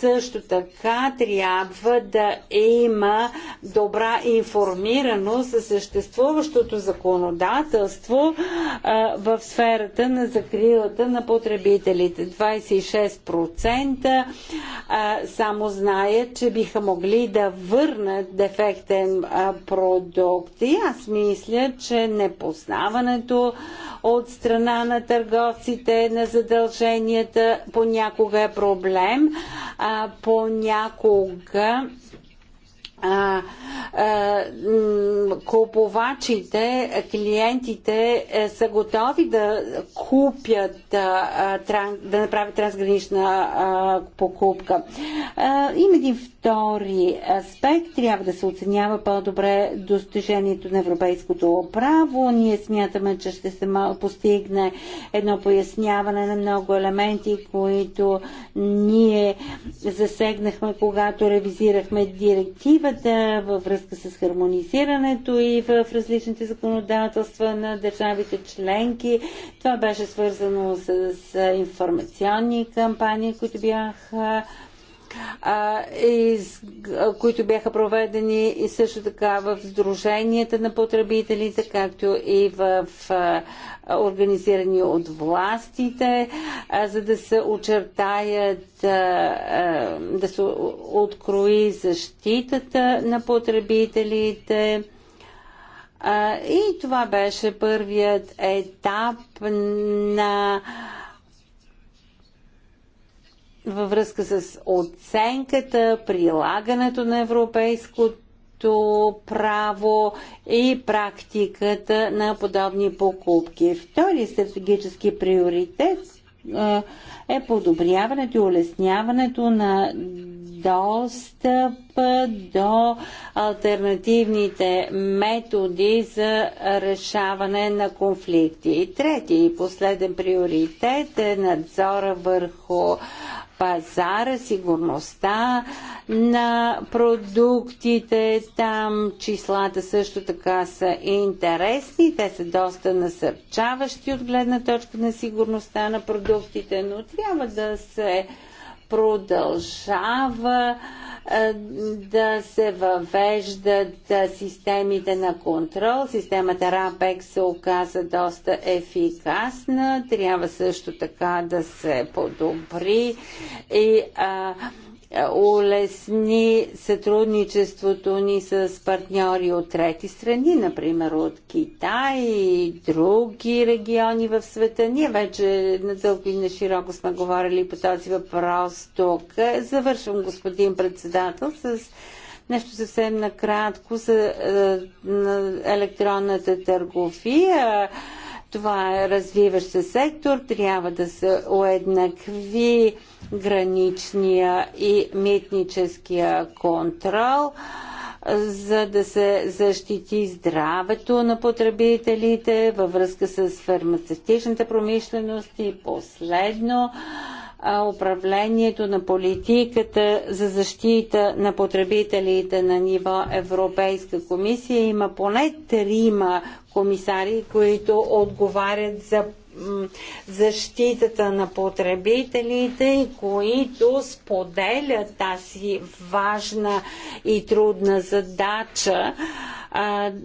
Също така трябва да има добра информираност за съществуващото законодателство в сферата на закрилата на потребителите. 26% само знаят, че биха могли да върнат дефектен продукт. И аз мисля, че непознаването от страна на търговците на задълженията понякога е проблем понякога а, а, купувачите, клиентите е, са готови да купят, а, тран, да направят трансгранична а, покупка. А, има един втори аспект. Трябва да се оценява по-добре достижението на европейското право. Ние смятаме, че ще се постигне едно поясняване на много елементи, които ние засегнахме, когато ревизирахме директива хората във връзка с хармонизирането и в различните законодателства на държавите членки. Това беше свързано с информационни кампании, които бяха които бяха проведени и също така в сдруженията на потребителите, както и в организирани от властите, за да се очертаят, да се открои защитата на потребителите. И това беше първият етап на във връзка с оценката, прилагането на европейското право и практиката на подобни покупки. Втори стратегически приоритет е подобряването и улесняването на достъп до альтернативните методи за решаване на конфликти. И трети и последен приоритет е надзора върху пазара, сигурността на продуктите. Там числата също така са интересни. Те са доста насърчаващи от гледна точка на сигурността на продуктите, но трябва да се продължава да се въвеждат системите на контрол. Системата RAPEX се оказа доста ефикасна. Трябва също така да се подобри и а, улесни сътрудничеството ни с партньори от трети страни, например от Китай и други региони в света. Ние вече дълго и на широко сме говорили по този въпрос тук. Завършвам, господин председател, с нещо съвсем накратко за е, електронната търговия. Това е развиващ се сектор, трябва да се уеднакви граничния и митническия контрол за да се защити здравето на потребителите във връзка с фармацевтичната промишленост и последно управлението на политиката за защита на потребителите на ниво Европейска комисия. Има поне трима комисари, които отговарят за защитата на потребителите и които споделят тази важна и трудна задача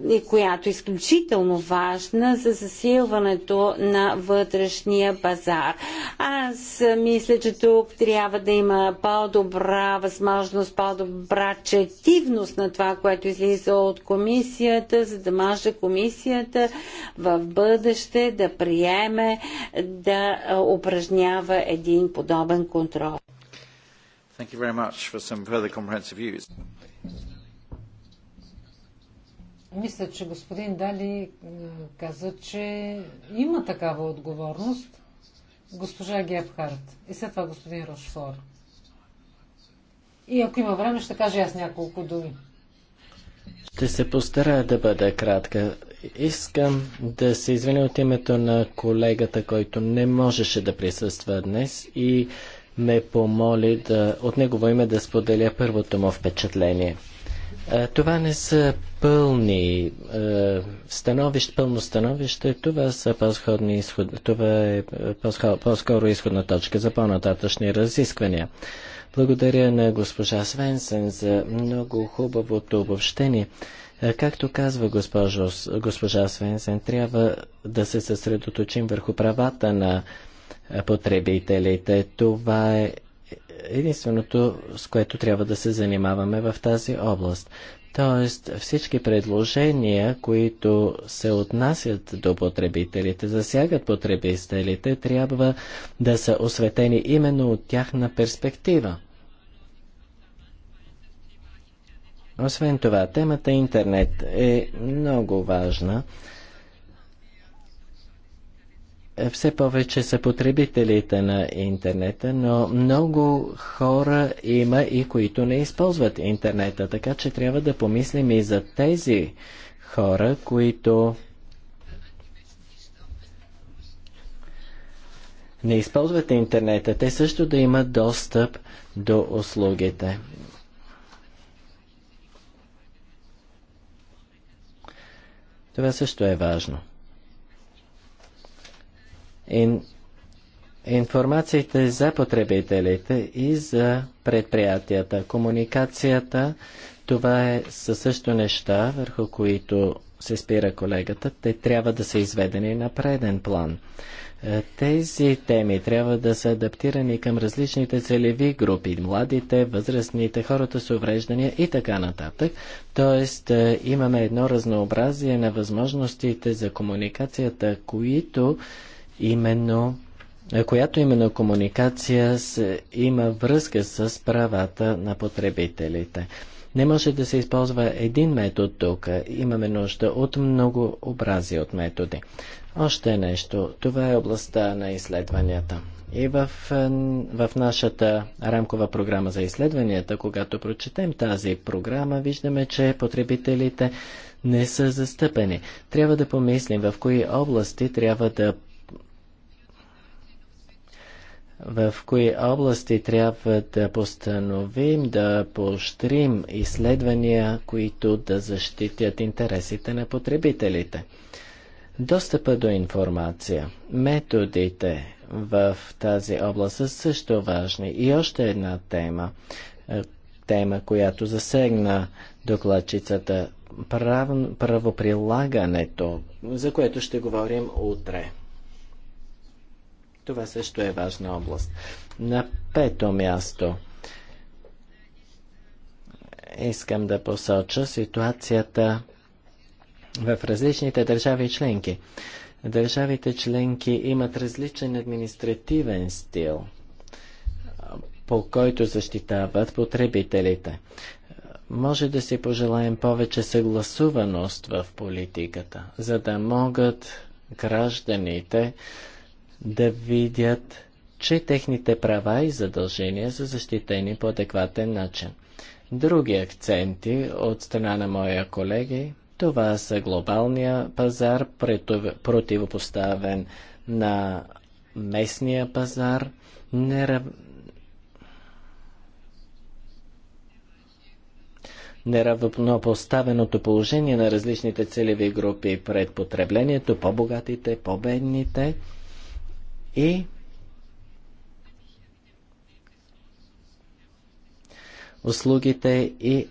и която е изключително важна за засилването на вътрешния пазар. Аз мисля, че тук трябва да има по-добра възможност, по-добра четивност на това, което излиза от комисията, за да може комисията в бъдеще да приеме да упражнява един подобен контрол. Thank you very much for some further comprehensive views. Мисля, че господин Дали е, каза, че има такава отговорност госпожа Гебхарт и след това господин Рошфор. И ако има време, ще кажа аз няколко думи. Ще се постарая да бъда кратка. Искам да се извиня от името на колегата, който не можеше да присъства днес и ме помоли да, от негово име да споделя първото му впечатление – това не са пълни становища, пълно становище, това, са по-сходни изход... това е по-скоро изходна точка за по-нататъчни разисквания. Благодаря на госпожа Свенсен за много хубавото обобщение. Както казва госпожо, госпожа Свенсен, трябва да се съсредоточим върху правата на потребителите. Това е единственото, с което трябва да се занимаваме в тази област. Тоест всички предложения, които се отнасят до потребителите, засягат потребителите, трябва да са осветени именно от тяхна перспектива. Освен това, темата интернет е много важна все повече са потребителите на интернета, но много хора има и които не използват интернета, така че трябва да помислим и за тези хора, които не използват интернета, те също да имат достъп до услугите. Това също е важно ин, информациите за потребителите и за предприятията. Комуникацията, това е, са също неща, върху които се спира колегата. Те трябва да са изведени на преден план. Е, тези теми трябва да са адаптирани към различните целеви групи младите, възрастните, хората с увреждания и така нататък. Тоест, е, имаме едно разнообразие на възможностите за комуникацията, които именно която именно комуникация има връзка с правата на потребителите. Не може да се използва един метод тук. Имаме нужда от много образи от методи. Още нещо. Това е областта на изследванията. И в, в нашата рамкова програма за изследванията, когато прочетем тази програма, виждаме, че потребителите не са застъпени. Трябва да помислим в кои области трябва да в кои области трябва да постановим, да поощрим изследвания, които да защитят интересите на потребителите. Достъпа до информация, методите в тази област са също важни. И още една тема, е, тема, която засегна докладчицата, правоприлагането, за което ще говорим утре. Това също е важна област. На пето място искам да посоча ситуацията в различните държави членки. Държавите членки имат различен административен стил, по който защитават потребителите. Може да си пожелаем повече съгласуваност в политиката, за да могат гражданите да видят, че техните права и задължения са защитени по адекватен начин. Други акценти от страна на моя колеги, това са глобалния пазар, противопоставен на местния пазар, нерав... неравнопоставеното положение на различните целеви групи пред потреблението, по-богатите, по-бедните – и услугите и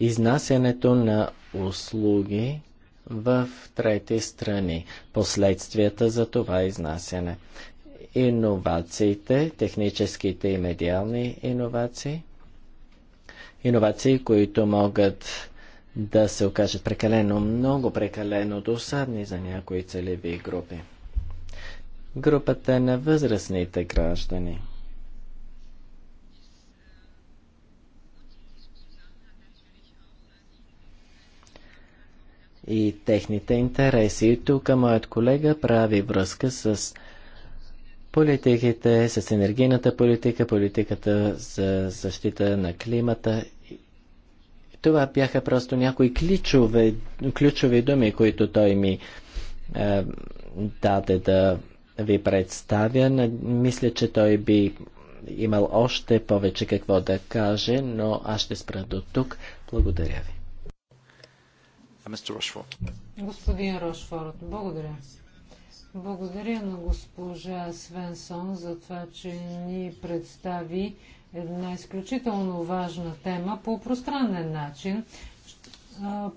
изнасянето на услуги в трети страни, последствията за това изнасяне, иновациите, техническите и медиални иновации, иновации, които могат да се окажат прекалено много, прекалено досадни за някои целеви групи групата на възрастните граждани. и техните интереси. Тук моят колега прави връзка с политиките, с енергийната политика, политиката за защита на климата. Това бяха просто някои ключови, ключови думи, които той ми е, даде да ви представя. Мисля, че той би имал още повече какво да каже, но аз ще спра до тук. Благодаря ви. Господин Рошфорд, благодаря. Благодаря на госпожа Свенсон за това, че ни представи една изключително важна тема по пространен начин.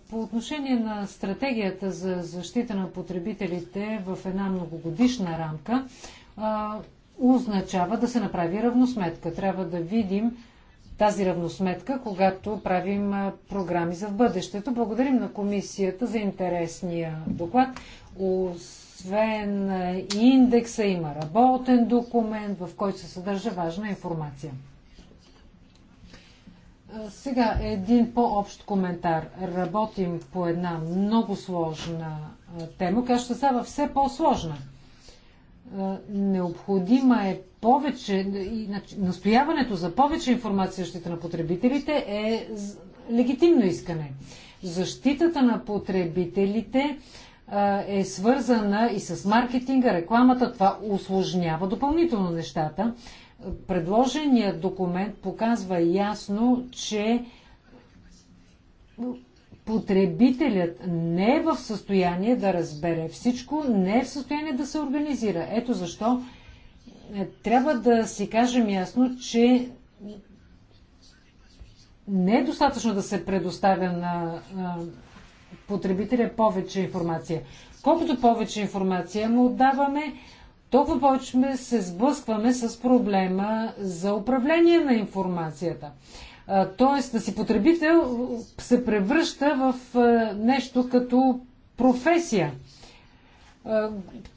По отношение на стратегията за защита на потребителите в една многогодишна рамка, означава да се направи равносметка. Трябва да видим тази равносметка, когато правим програми за в бъдещето. Благодарим на комисията за интересния доклад. Освен индекса има работен документ, в който се съдържа важна информация. Сега един по-общ коментар. Работим по една много сложна тема, която ще става все по-сложна. Необходима е повече, значи, настояването за повече информация защита на потребителите е легитимно искане. Защитата на потребителите е свързана и с маркетинга, рекламата. Това усложнява допълнително нещата. Предложеният документ показва ясно, че потребителят не е в състояние да разбере всичко, не е в състояние да се организира. Ето защо е, трябва да си кажем ясно, че не е достатъчно да се предоставя на потребителя повече информация. Колкото повече информация му отдаваме, толкова повече се сблъскваме с проблема за управление на информацията. Тоест, да си потребител се превръща в нещо като професия.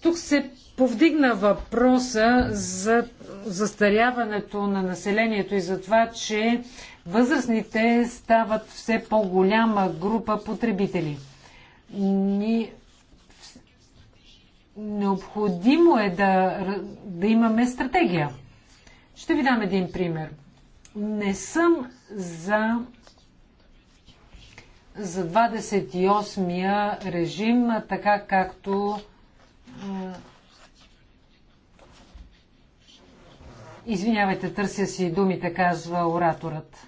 Тук се повдигна въпроса за застаряването на населението и за това, че възрастните стават все по-голяма група потребители необходимо е да, да имаме стратегия. Ще ви дам един пример. Не съм за за 28-я режим, така както Извинявайте, търся си думите, казва ораторът.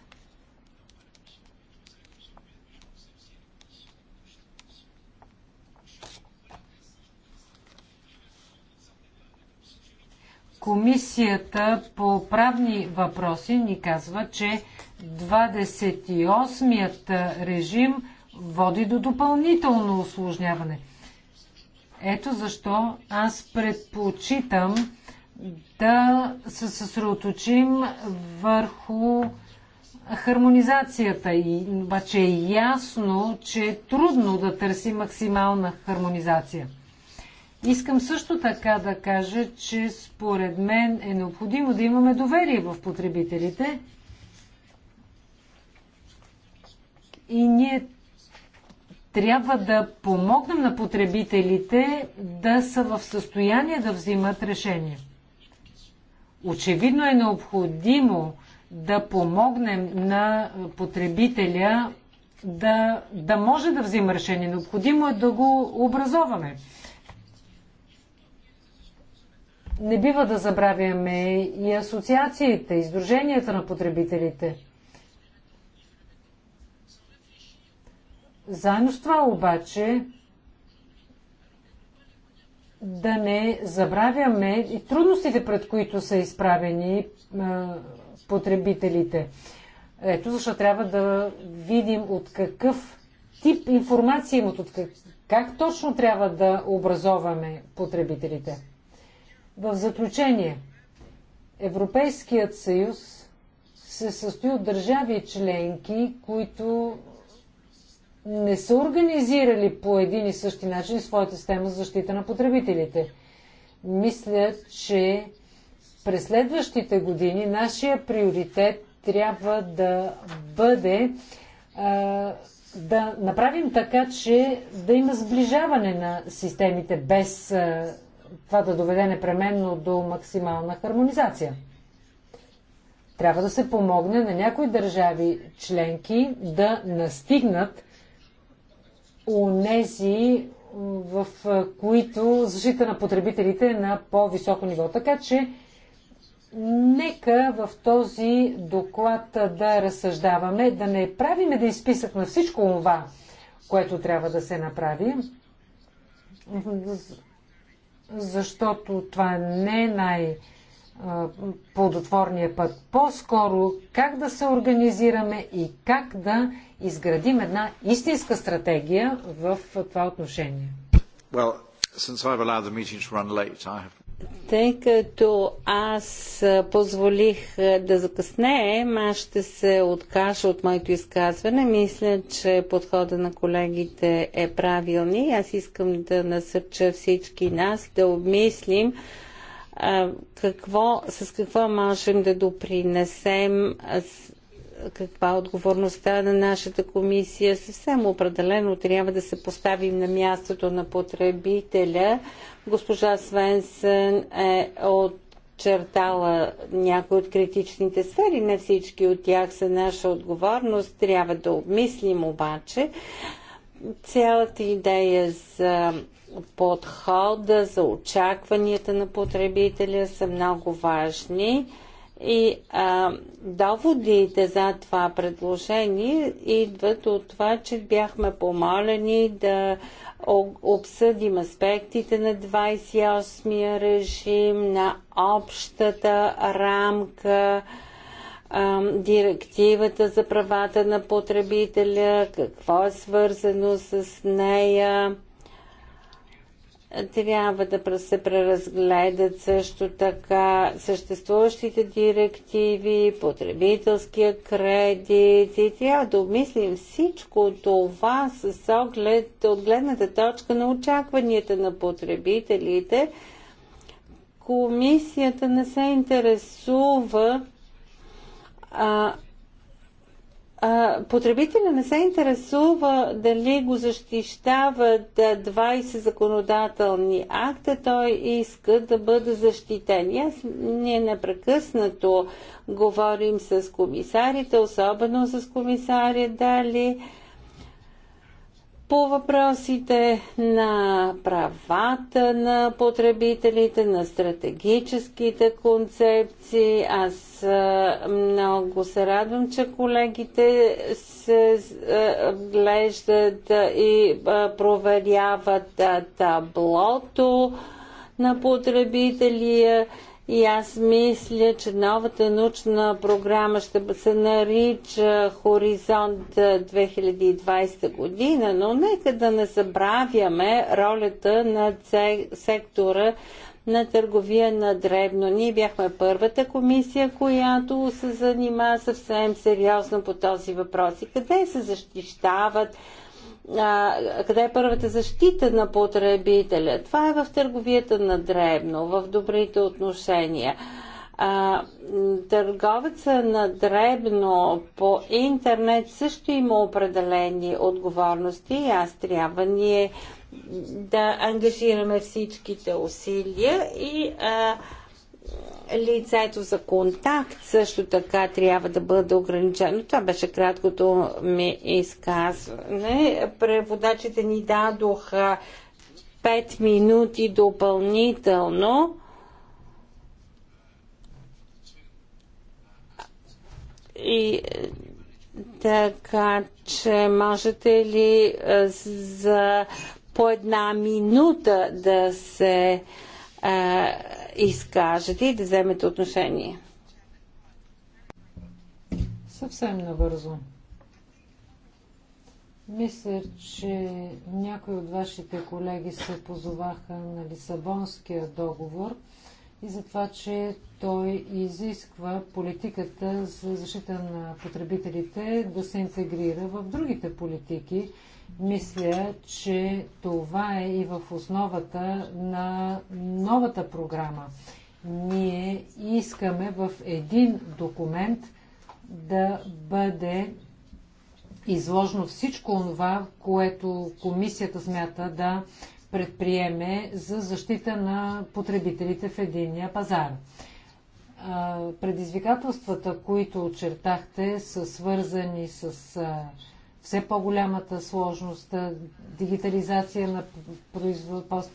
Комисията по правни въпроси ни казва, че 28-ят режим води до допълнително осложняване. Ето защо аз предпочитам да се съсредоточим върху хармонизацията. И, обаче е ясно, че е трудно да търси максимална хармонизация. Искам също така да кажа, че според мен е необходимо да имаме доверие в потребителите и ние трябва да помогнем на потребителите да са в състояние да взимат решения. Очевидно е необходимо да помогнем на потребителя да, да може да взима решение. Необходимо е да го образоваме. Не бива да забравяме и асоциациите, и сдруженията на потребителите. Заедно с това обаче да не забравяме и трудностите, пред които са изправени а, потребителите. Ето защо трябва да видим от какъв тип информация имат, от как, как точно трябва да образоваме потребителите. В заключение, Европейският съюз се състои от държави членки, които не са организирали по един и същи начин своята система за защита на потребителите. Мисля, че през следващите години нашия приоритет трябва да бъде да направим така, че да има сближаване на системите без това да доведе непременно до максимална хармонизация. Трябва да се помогне на някои държави членки да настигнат унези, в които защита на потребителите е на по-високо ниво. Така че нека в този доклад да разсъждаваме, да не правим да изписък на всичко това, което трябва да се направи защото това не е най- плодотворния път. По-скоро как да се организираме и как да изградим една истинска стратегия в това отношение. Well, late, have... Тъй като аз позволих да закъснеем, аз ще се откажа от моето изказване. Мисля, че подхода на колегите е правилни. Аз искам да насърча всички нас да обмислим какво, с какво можем да допринесем каква е отговорността на нашата комисия. Съвсем определено трябва да се поставим на мястото на потребителя. Госпожа Свенсен е от чертала някои от критичните сфери, не всички от тях са наша отговорност, трябва да обмислим обаче цялата идея за подхода, за очакванията на потребителя са много важни. И а, доводите за това предложение идват от това, че бяхме помолени да обсъдим аспектите на 28-я режим, на общата рамка, а, директивата за правата на потребителя, какво е свързано с нея трябва да се преразгледат също така съществуващите директиви, потребителския кредит и трябва да обмислим всичко това с оглед от гледната точка на очакванията на потребителите. Комисията не се интересува а, потребителя не се интересува дали го защищават 20 законодателни акта, той иска да бъде защитен. Аз, ние непрекъснато говорим с комисарите, особено с комисаря Дали по въпросите на правата на потребителите, на стратегическите концепции. Аз много се радвам, че колегите се глеждат и проверяват таблото на потребителите. И аз мисля, че новата научна програма ще се нарича Хоризонт 2020 е, година, но нека да не забравяме ролята на сектора на търговия на дребно. Ние бяхме първата комисия, която се занимава съвсем сериозно по този въпрос. И къде се защищават а, къде е първата защита на потребителя? Това е в търговията на дребно, в добрите отношения. А, търговеца на дребно по интернет също има определени отговорности и аз трябва ние да ангажираме всичките усилия и а, лицето за контакт също така трябва да бъде ограничено. Това беше краткото ми изказване. Преводачите ни дадоха 5 минути допълнително. И така, че можете ли за по една минута да се изкажете и да вземете отношение. Съвсем набързо. Мисля, че някои от вашите колеги се позоваха на Лисабонския договор и за това, че той изисква политиката за защита на потребителите да се интегрира в другите политики мисля, че това е и в основата на новата програма. Ние искаме в един документ да бъде изложено всичко това, което комисията смята да предприеме за защита на потребителите в единния пазар. Предизвикателствата, които очертахте, са свързани с все по-голямата сложност, дигитализация на, производ, пост,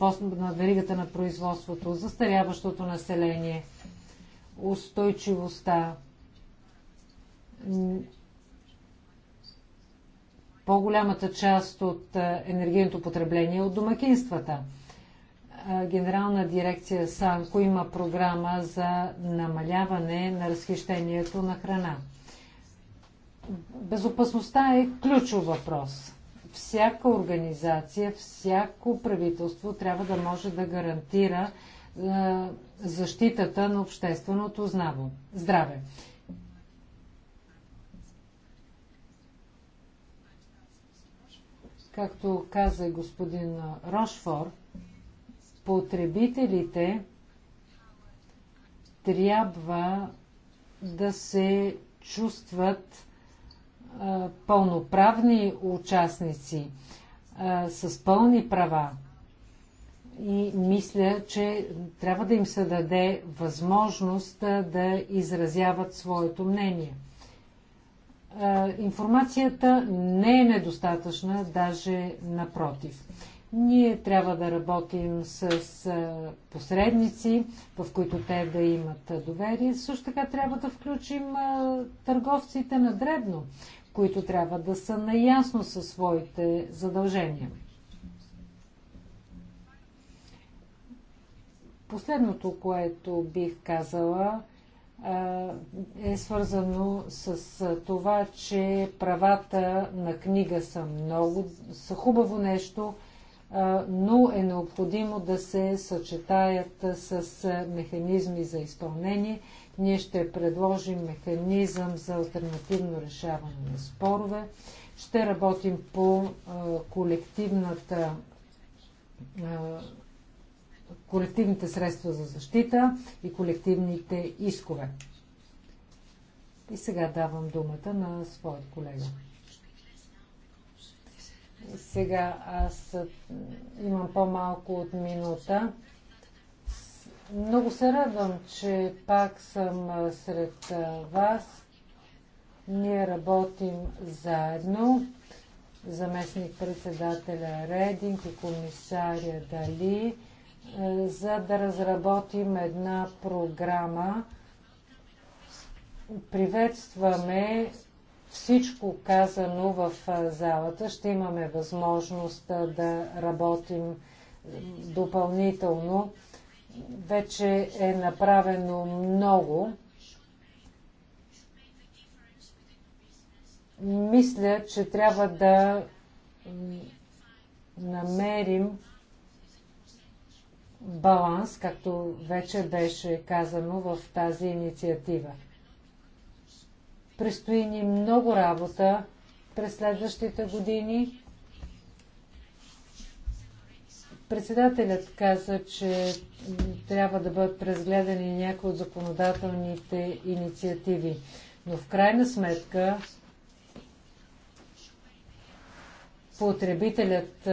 пост, на веригата на производството, застаряващото население, устойчивостта, по-голямата част от енергийното потребление от домакинствата. Генерална дирекция САНКО има програма за намаляване на разхищението на храна безопасността е ключов въпрос. Всяка организация, всяко правителство трябва да може да гарантира е, защитата на общественото здраве. Както каза господин Рошфор, потребителите трябва да се чувстват пълноправни участници с пълни права. И мисля, че трябва да им се даде възможност да изразяват своето мнение. Информацията не е недостатъчна, даже напротив. Ние трябва да работим с посредници, в които те да имат доверие. Също така трябва да включим търговците на дребно които трябва да са наясно със своите задължения. Последното, което бих казала, е свързано с това, че правата на книга са много, са хубаво нещо, но е необходимо да се съчетаят с механизми за изпълнение – ние ще предложим механизъм за альтернативно решаване на спорове. Ще работим по колективната колективните средства за защита и колективните искове. И сега давам думата на своят колега. Сега аз имам по-малко от минута, много се радвам, че пак съм сред вас. Ние работим заедно. Заместник председателя Рединг и комисаря Дали, за да разработим една програма. Приветстваме всичко казано в залата. Ще имаме възможност да работим допълнително вече е направено много. Мисля, че трябва да намерим баланс, както вече беше казано в тази инициатива. Престои ни много работа през следващите години Председателят каза, че трябва да бъдат презгледани някои от законодателните инициативи. Но в крайна сметка потребителят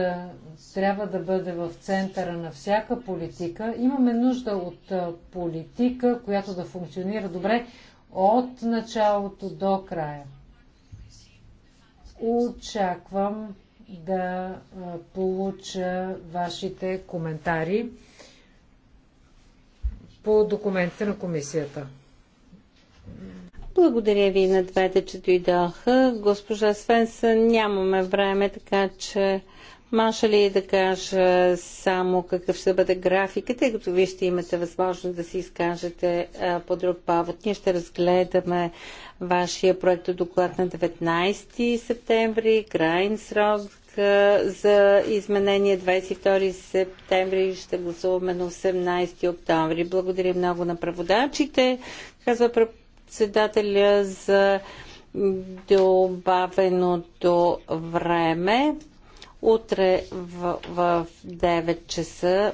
трябва да бъде в центъра на всяка политика. Имаме нужда от политика, която да функционира добре от началото до края. Очаквам да получа вашите коментари по документите на комисията. Благодаря ви на двете, че дойдоха. Госпожа Свенса, нямаме време, така че може ли е да кажа само какъв ще бъде графикът, тъй като вие ще имате възможност да си изкажете а, по друг повод. Ние ще разгледаме вашия проект доклад на 19 септември, крайен срок за изменение 22 септември ще гласуваме на 18 октомври. Благодаря много на праводачите, казва председателя за добавеното време. Утре в, в 9 часа